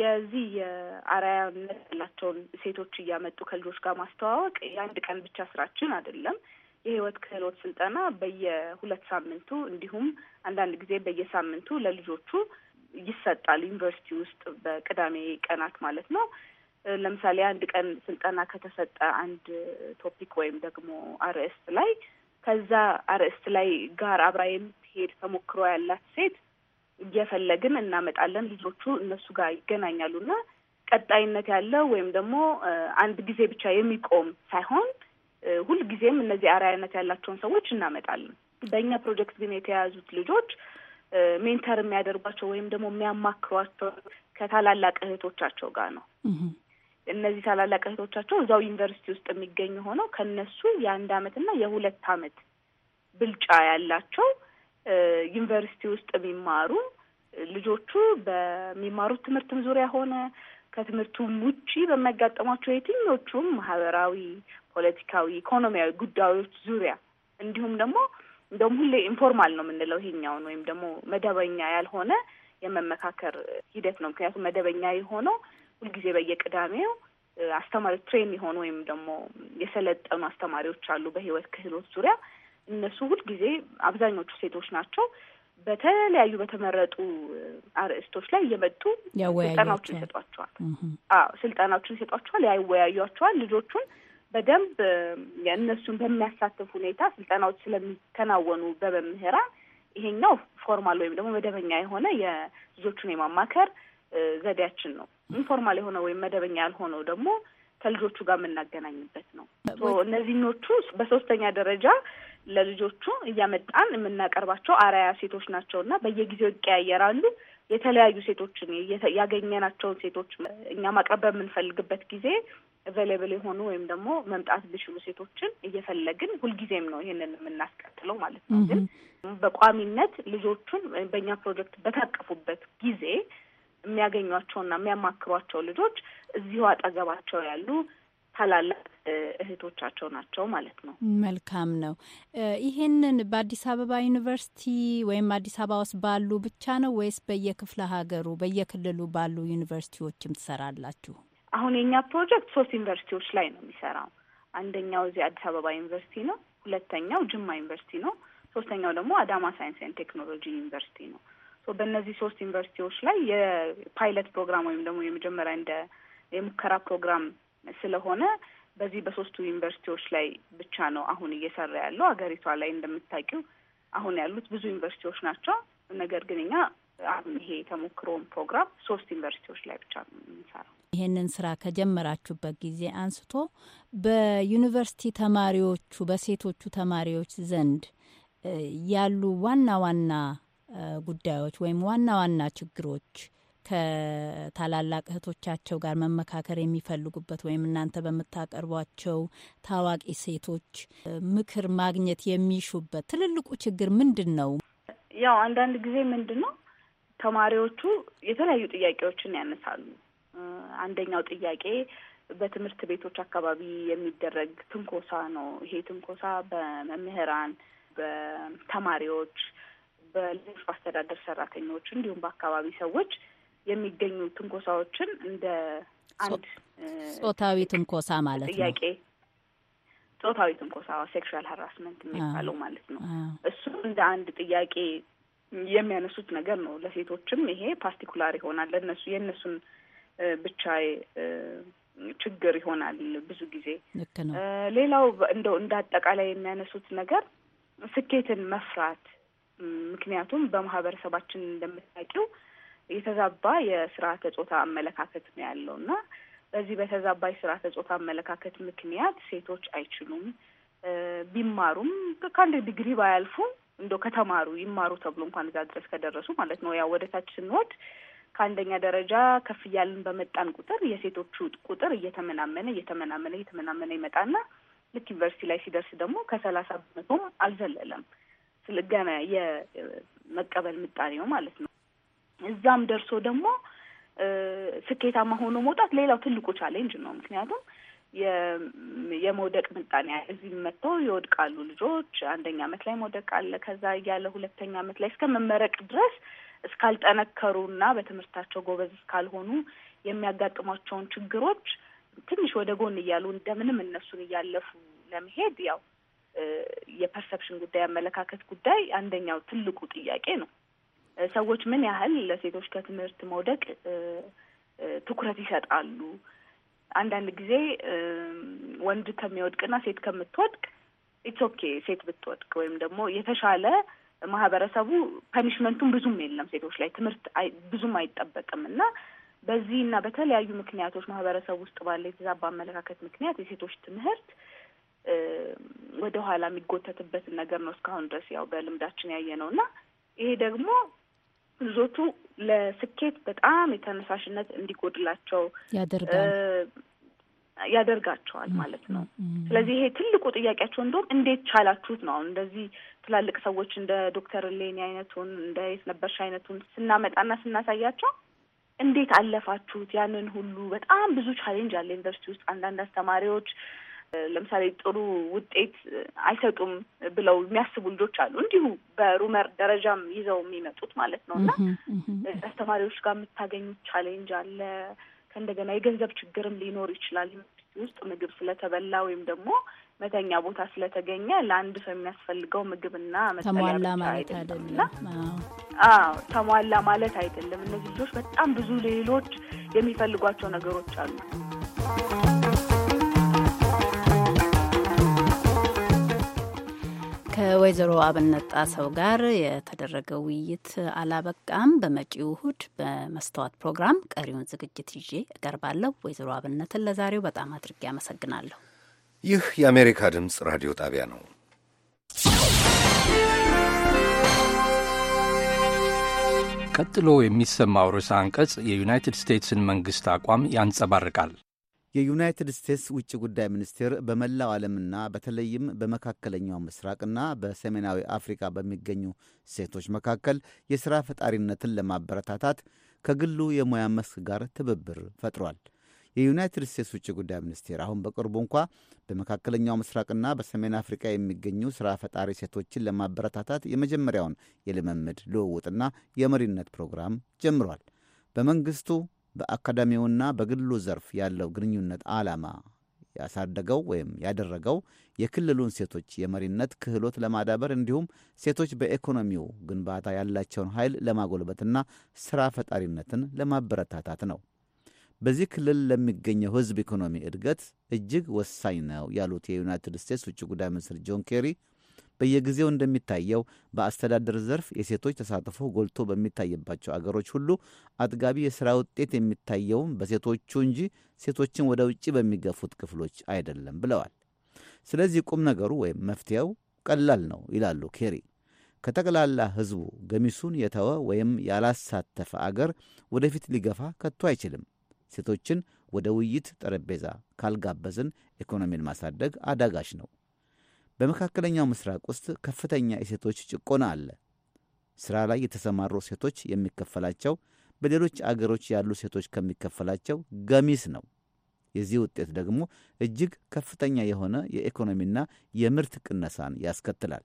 የዚህ የአርአያነት ያላቸውን ሴቶች እያመጡ ከልጆች ጋር ማስተዋወቅ የአንድ ቀን ብቻ ስራችን አይደለም። የህይወት ክህሎት ስልጠና በየሁለት ሳምንቱ እንዲሁም አንዳንድ ጊዜ በየሳምንቱ ለልጆቹ ይሰጣል ዩኒቨርሲቲ ውስጥ በቅዳሜ ቀናት ማለት ነው። ለምሳሌ አንድ ቀን ስልጠና ከተሰጠ አንድ ቶፒክ ወይም ደግሞ አርዕስት ላይ ከዛ አርዕስት ላይ ጋር አብራ የምትሄድ ተሞክሮ ያላት ሴት እየፈለግን እናመጣለን። ልጆቹ እነሱ ጋር ይገናኛሉ እና ቀጣይነት ያለው ወይም ደግሞ አንድ ጊዜ ብቻ የሚቆም ሳይሆን ሁልጊዜም እነዚህ አርአያነት ያላቸውን ሰዎች እናመጣለን። በእኛ ፕሮጀክት ግን የተያያዙት ልጆች ሜንተር የሚያደርጓቸው ወይም ደግሞ የሚያማክሯቸው ከታላላቅ እህቶቻቸው ጋር ነው። እነዚህ ታላላቅ እህቶቻቸው እዛው ዩኒቨርሲቲ ውስጥ የሚገኙ ሆነው ከነሱ የአንድ አመት እና የሁለት አመት ብልጫ ያላቸው ዩኒቨርሲቲ ውስጥ የሚማሩ ልጆቹ በሚማሩት ትምህርትም ዙሪያ ሆነ ከትምህርቱም ውጪ በሚያጋጥሟቸው የትኞቹም ማህበራዊ፣ ፖለቲካዊ፣ ኢኮኖሚያዊ ጉዳዮች ዙሪያ እንዲሁም ደግሞ እንደውም ሁሌ ኢንፎርማል ነው የምንለው ይሄኛውን ወይም ደግሞ መደበኛ ያልሆነ የመመካከር ሂደት ነው። ምክንያቱም መደበኛ የሆነው ሁልጊዜ በየቅዳሜው አስተማሪዎች ትሬን የሆኑ ወይም ደግሞ የሰለጠኑ አስተማሪዎች አሉ በህይወት ክህሎት ዙሪያ እነሱ ሁልጊዜ አብዛኞቹ ሴቶች ናቸው። በተለያዩ በተመረጡ አርእስቶች ላይ እየመጡ ስልጠናዎችን ይሰጧቸዋል። አዎ ስልጠናዎችን ይሰጧቸዋል፣ ያወያዩቸዋል ልጆቹን በደንብ የእነሱን በሚያሳትፍ ሁኔታ ስልጠናዎች ስለሚከናወኑ በመምህራን ይሄኛው ፎርማል ወይም ደግሞ መደበኛ የሆነ የልጆቹን የማማከር ዘዴያችን ነው። ኢንፎርማል የሆነ ወይም መደበኛ ያልሆነው ደግሞ ከልጆቹ ጋር የምናገናኝበት ነው። እነዚህኞቹ በሶስተኛ ደረጃ ለልጆቹ እያመጣን የምናቀርባቸው አርአያ ሴቶች ናቸው እና በየጊዜው ይቀያየራሉ። የተለያዩ ሴቶችን ያገኘናቸውን ሴቶች እኛ ማቅረብ በምንፈልግበት ጊዜ አቬላብል የሆኑ ወይም ደግሞ መምጣት ቢችሉ ሴቶችን እየፈለግን ሁልጊዜም ነው ይህንን የምናስቀጥለው ማለት ነው። ግን በቋሚነት ልጆቹን በእኛ ፕሮጀክት በታቀፉበት ጊዜ የሚያገኟቸውና የሚያማክሯቸው ልጆች እዚሁ አጠገባቸው ያሉ ታላላቅ እህቶቻቸው ናቸው ማለት ነው። መልካም ነው። ይሄንን በአዲስ አበባ ዩኒቨርሲቲ ወይም አዲስ አበባ ውስጥ ባሉ ብቻ ነው ወይስ በየክፍለ ሀገሩ በየክልሉ ባሉ ዩኒቨርሲቲዎችም ትሰራላችሁ? አሁን የኛ ፕሮጀክት ሶስት ዩኒቨርሲቲዎች ላይ ነው የሚሰራው። አንደኛው እዚህ አዲስ አበባ ዩኒቨርሲቲ ነው። ሁለተኛው ጅማ ዩኒቨርሲቲ ነው። ሶስተኛው ደግሞ አዳማ ሳይንስ ኤንድ ቴክኖሎጂ ዩኒቨርሲቲ ነው። በእነዚህ ሶስት ዩኒቨርሲቲዎች ላይ የፓይለት ፕሮግራም ወይም ደግሞ የመጀመሪያ እንደ የሙከራ ፕሮግራም ስለሆነ በዚህ በሶስቱ ዩኒቨርሲቲዎች ላይ ብቻ ነው አሁን እየሰራ ያለው። ሀገሪቷ ላይ እንደምታውቂው አሁን ያሉት ብዙ ዩኒቨርሲቲዎች ናቸው። ነገር ግን እኛ አሁን ይሄ የተሞክሮውን ፕሮግራም ሶስት ዩኒቨርሲቲዎች ላይ ብቻ ነው የምንሰራው። ይህንን ስራ ከጀመራችሁበት ጊዜ አንስቶ በዩኒቨርሲቲ ተማሪዎቹ በሴቶቹ ተማሪዎች ዘንድ ያሉ ዋና ዋና ጉዳዮች ወይም ዋና ዋና ችግሮች ከታላላቅ እህቶቻቸው ጋር መመካከር የሚፈልጉበት ወይም እናንተ በምታቀርቧቸው ታዋቂ ሴቶች ምክር ማግኘት የሚሹበት ትልልቁ ችግር ምንድን ነው? ያው አንዳንድ ጊዜ ምንድን ነው ተማሪዎቹ የተለያዩ ጥያቄዎችን ያነሳሉ። አንደኛው ጥያቄ በትምህርት ቤቶች አካባቢ የሚደረግ ትንኮሳ ነው። ይሄ ትንኮሳ በመምህራን፣ በተማሪዎች፣ በሌሎች አስተዳደር ሰራተኞች እንዲሁም በአካባቢ ሰዎች የሚገኙ ትንኮሳዎችን እንደ አንድ ጾታዊ ትንኮሳ ማለት ነው ጥያቄ ጾታዊ ትንኮሳ ሴክሹዋል ሀራስመንት የሚባለው ማለት ነው። እሱ እንደ አንድ ጥያቄ የሚያነሱት ነገር ነው። ለሴቶችም ይሄ ፓርቲኩላር ይሆናል። ለእነሱ የእነሱን ብቻ ችግር ይሆናል ብዙ ጊዜ። ሌላው እንደው እንደ አጠቃላይ የሚያነሱት ነገር ስኬትን መፍራት ምክንያቱም በማህበረሰባችን እንደምታውቂው የተዛባ የስርዓተ ጾታ አመለካከት ነው ያለው እና በዚህ በተዛባ የስርዓተ ጾታ አመለካከት ምክንያት ሴቶች አይችሉም ቢማሩም ከአንድ ዲግሪ ባያልፉም እንደ ከተማሩ ይማሩ ተብሎ እንኳን እዛ ድረስ ከደረሱ ማለት ነው። ያው ወደታች ስንወድ ከአንደኛ ደረጃ ከፍ እያልን በመጣን ቁጥር የሴቶቹ ቁጥር እየተመናመነ እየተመናመነ እየተመናመነ ይመጣና ልክ ዩኒቨርሲቲ ላይ ሲደርስ ደግሞ ከሰላሳ በመቶም አልዘለለም ስለገና የመቀበል ምጣኔው ማለት ነው። እዛም ደርሶ ደግሞ ስኬታማ ሆኖ መውጣት ሌላው ትልቁ ቻሌንጅ ነው። ምክንያቱም የመውደቅ ምጣኔ እዚህ መጥተው ይወድቃሉ ልጆች። አንደኛ አመት ላይ መውደቅ አለ። ከዛ እያለ ሁለተኛ አመት ላይ እስከ መመረቅ ድረስ እስካልጠነከሩና በትምህርታቸው ጎበዝ እስካልሆኑ የሚያጋጥሟቸውን ችግሮች ትንሽ ወደ ጎን እያሉ እንደምንም እነሱን እያለፉ ለመሄድ ያው የፐርሰፕሽን ጉዳይ፣ አመለካከት ጉዳይ አንደኛው ትልቁ ጥያቄ ነው። ሰዎች ምን ያህል ለሴቶች ከትምህርት መውደቅ ትኩረት ይሰጣሉ። አንዳንድ ጊዜ ወንድ ከሚወድቅና ሴት ከምትወድቅ ኢትስ ኦኬ ሴት ብትወድቅ ወይም ደግሞ የተሻለ ማህበረሰቡ ፐኒሽመንቱን ብዙም የለም ሴቶች ላይ ትምህርት ብዙም አይጠበቅም እና በዚህ እና በተለያዩ ምክንያቶች ማህበረሰቡ ውስጥ ባለ የተዛባ አመለካከት ምክንያት የሴቶች ትምህርት ወደኋላ የሚጎተትበትን ነገር ነው እስካሁን ድረስ ያው በልምዳችን ያየ ነው እና ይሄ ደግሞ ልጆቹ ለስኬት በጣም የተነሳሽነት እንዲጎድላቸው ያደርጋል ያደርጋቸዋል ማለት ነው። ስለዚህ ይሄ ትልቁ ጥያቄያቸው እንደውም እንዴት ቻላችሁት ነው። አሁን እንደዚህ ትላልቅ ሰዎች እንደ ዶክተር ሌኒ አይነቱን እንደ የት ነበርሽ አይነቱን ስናመጣና ስናሳያቸው እንዴት አለፋችሁት ያንን ሁሉ በጣም ብዙ ቻሌንጅ አለ ዩኒቨርሲቲ ውስጥ አንዳንድ አስተማሪዎች ለምሳሌ ጥሩ ውጤት አይሰጡም ብለው የሚያስቡ ልጆች አሉ። እንዲሁ በሩመር ደረጃም ይዘው የሚመጡት ማለት ነው እና አስተማሪዎች ጋር የምታገኙት ቻሌንጅ አለ። ከእንደገና የገንዘብ ችግርም ሊኖር ይችላል። ዩኒቨርሲቲ ውስጥ ምግብ ስለተበላ ወይም ደግሞ መተኛ ቦታ ስለተገኘ ለአንድ ሰው የሚያስፈልገው ምግብና ተሟላ ማለት አይደለም። ተሟላ ማለት አይደለም። እነዚህ ልጆች በጣም ብዙ ሌሎች የሚፈልጓቸው ነገሮች አሉ። ከወይዘሮ አብነት ጣሰው ጋር የተደረገ ውይይት አላበቃም። በመጪው እሁድ በመስተዋት ፕሮግራም ቀሪውን ዝግጅት ይዤ እቀርባለሁ። ወይዘሮ አብነትን ለዛሬው በጣም አድርጌ አመሰግናለሁ። ይህ የአሜሪካ ድምፅ ራዲዮ ጣቢያ ነው። ቀጥሎ የሚሰማው ርዕሰ አንቀጽ የዩናይትድ ስቴትስን መንግሥት አቋም ያንጸባርቃል። የዩናይትድ ስቴትስ ውጭ ጉዳይ ሚኒስቴር በመላው ዓለምና በተለይም በመካከለኛው ምስራቅና በሰሜናዊ አፍሪካ በሚገኙ ሴቶች መካከል የሥራ ፈጣሪነትን ለማበረታታት ከግሉ የሙያ መስክ ጋር ትብብር ፈጥሯል። የዩናይትድ ስቴትስ ውጭ ጉዳይ ሚኒስቴር አሁን በቅርቡ እንኳ በመካከለኛው ምስራቅና በሰሜን አፍሪካ የሚገኙ ሥራ ፈጣሪ ሴቶችን ለማበረታታት የመጀመሪያውን የልምምድ ልውውጥና የመሪነት ፕሮግራም ጀምሯል። በመንግሥቱ በአካዳሚውና በግሉ ዘርፍ ያለው ግንኙነት ዓላማ ያሳደገው ወይም ያደረገው የክልሉን ሴቶች የመሪነት ክህሎት ለማዳበር እንዲሁም ሴቶች በኢኮኖሚው ግንባታ ያላቸውን ኃይል ለማጎልበትና ሥራ ፈጣሪነትን ለማበረታታት ነው። በዚህ ክልል ለሚገኘው ሕዝብ ኢኮኖሚ እድገት እጅግ ወሳኝ ነው ያሉት የዩናይትድ ስቴትስ ውጭ ጉዳይ ሚኒስትር ጆን ኬሪ በየጊዜው እንደሚታየው በአስተዳደር ዘርፍ የሴቶች ተሳትፎ ጎልቶ በሚታይባቸው አገሮች ሁሉ አጥጋቢ የሥራ ውጤት የሚታየውም በሴቶቹ እንጂ ሴቶችን ወደ ውጭ በሚገፉት ክፍሎች አይደለም ብለዋል። ስለዚህ ቁም ነገሩ ወይም መፍትሄው ቀላል ነው ይላሉ ኬሪ። ከጠቅላላ ሕዝቡ ገሚሱን የተወ ወይም ያላሳተፈ አገር ወደፊት ሊገፋ ከቶ አይችልም። ሴቶችን ወደ ውይይት ጠረጴዛ ካልጋበዝን ኢኮኖሚን ማሳደግ አዳጋች ነው። በመካከለኛው ምስራቅ ውስጥ ከፍተኛ የሴቶች ጭቆና አለ። ሥራ ላይ የተሰማሩ ሴቶች የሚከፈላቸው በሌሎች አገሮች ያሉ ሴቶች ከሚከፈላቸው ገሚስ ነው። የዚህ ውጤት ደግሞ እጅግ ከፍተኛ የሆነ የኢኮኖሚና የምርት ቅነሳን ያስከትላል።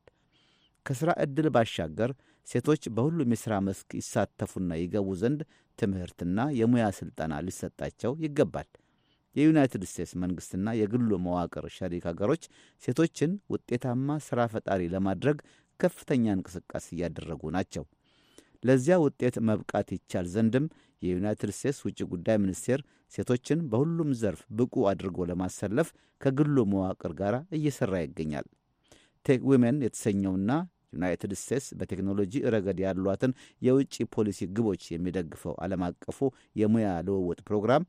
ከሥራ ዕድል ባሻገር ሴቶች በሁሉም የሥራ መስክ ይሳተፉና ይገቡ ዘንድ ትምህርትና የሙያ ሥልጠና ሊሰጣቸው ይገባል። የዩናይትድ ስቴትስ መንግሥትና የግሉ መዋቅር ሸሪክ ሀገሮች ሴቶችን ውጤታማ ሥራ ፈጣሪ ለማድረግ ከፍተኛ እንቅስቃሴ እያደረጉ ናቸው። ለዚያ ውጤት መብቃት ይቻል ዘንድም የዩናይትድ ስቴትስ ውጭ ጉዳይ ሚኒስቴር ሴቶችን በሁሉም ዘርፍ ብቁ አድርጎ ለማሰለፍ ከግሉ መዋቅር ጋር እየሠራ ይገኛል። ቴክ ዊሜን የተሰኘውና ዩናይትድ ስቴትስ በቴክኖሎጂ ረገድ ያሏትን የውጭ ፖሊሲ ግቦች የሚደግፈው ዓለም አቀፉ የሙያ ልውውጥ ፕሮግራም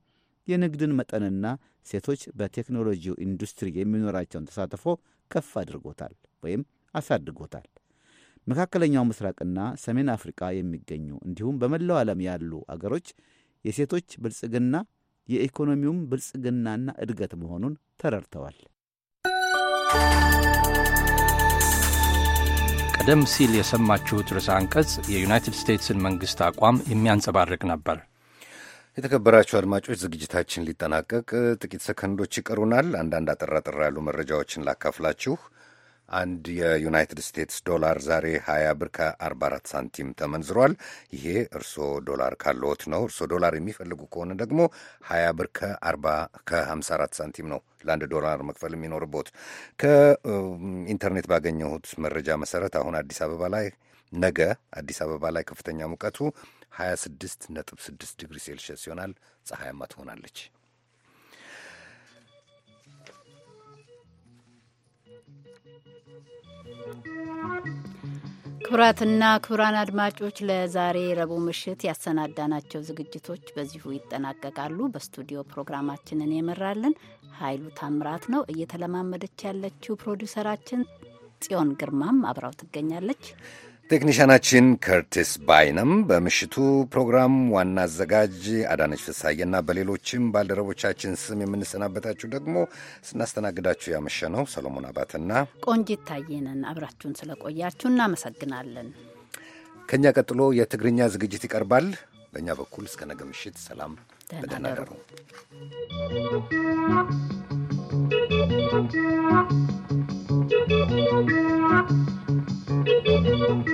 የንግድን መጠንና ሴቶች በቴክኖሎጂው ኢንዱስትሪ የሚኖራቸውን ተሳትፎ ከፍ አድርጎታል ወይም አሳድጎታል። መካከለኛው ምስራቅና ሰሜን አፍሪካ የሚገኙ እንዲሁም በመላው ዓለም ያሉ አገሮች የሴቶች ብልጽግና የኢኮኖሚውም ብልጽግናና እድገት መሆኑን ተረድተዋል። ቀደም ሲል የሰማችሁት ርዕሰ አንቀጽ የዩናይትድ ስቴትስን መንግሥት አቋም የሚያንጸባርቅ ነበር። የተከበራችሁ አድማጮች ዝግጅታችን ሊጠናቀቅ ጥቂት ሰከንዶች ይቀሩናል። አንዳንድ አጠራጠር ያሉ መረጃዎችን ላካፍላችሁ። አንድ የዩናይትድ ስቴትስ ዶላር ዛሬ 20 ብር ከ44 ሳንቲም ተመንዝሯል። ይሄ እርሶ ዶላር ካለዎት ነው። እርሶ ዶላር የሚፈልጉ ከሆነ ደግሞ 20 ብር ከ54 ሳንቲም ነው ለአንድ ዶላር መክፈል የሚኖርቦት። ከኢንተርኔት ባገኘሁት መረጃ መሰረት አሁን አዲስ አበባ ላይ ነገ አዲስ አበባ ላይ ከፍተኛ ሙቀቱ 26 6 ዲግሪ ሴልሺየስ ይሆናል። ፀሐያማ ትሆናለች። ክቡራትና ክቡራን አድማጮች ለዛሬ ረቡዕ ምሽት ያሰናዳናቸው ዝግጅቶች በዚሁ ይጠናቀቃሉ። በስቱዲዮ ፕሮግራማችንን የመራልን ኃይሉ ታምራት ነው። እየተለማመደች ያለችው ፕሮዲውሰራችን ጽዮን ግርማም አብራው ትገኛለች። ቴክኒሽያናችን ከርቲስ ባይነም፣ በምሽቱ ፕሮግራም ዋና አዘጋጅ አዳነች ፍሳዬና በሌሎችም ባልደረቦቻችን ስም የምንሰናበታችሁ ደግሞ ስናስተናግዳችሁ ያመሸ ነው ሰሎሞን አባትና ቆንጂት ታየ አብራችሁን ስለቆያችሁ እናመሰግናለን። ከእኛ ቀጥሎ የትግርኛ ዝግጅት ይቀርባል። በእኛ በኩል እስከ ነገ ምሽት ሰላም፣ በደህና you.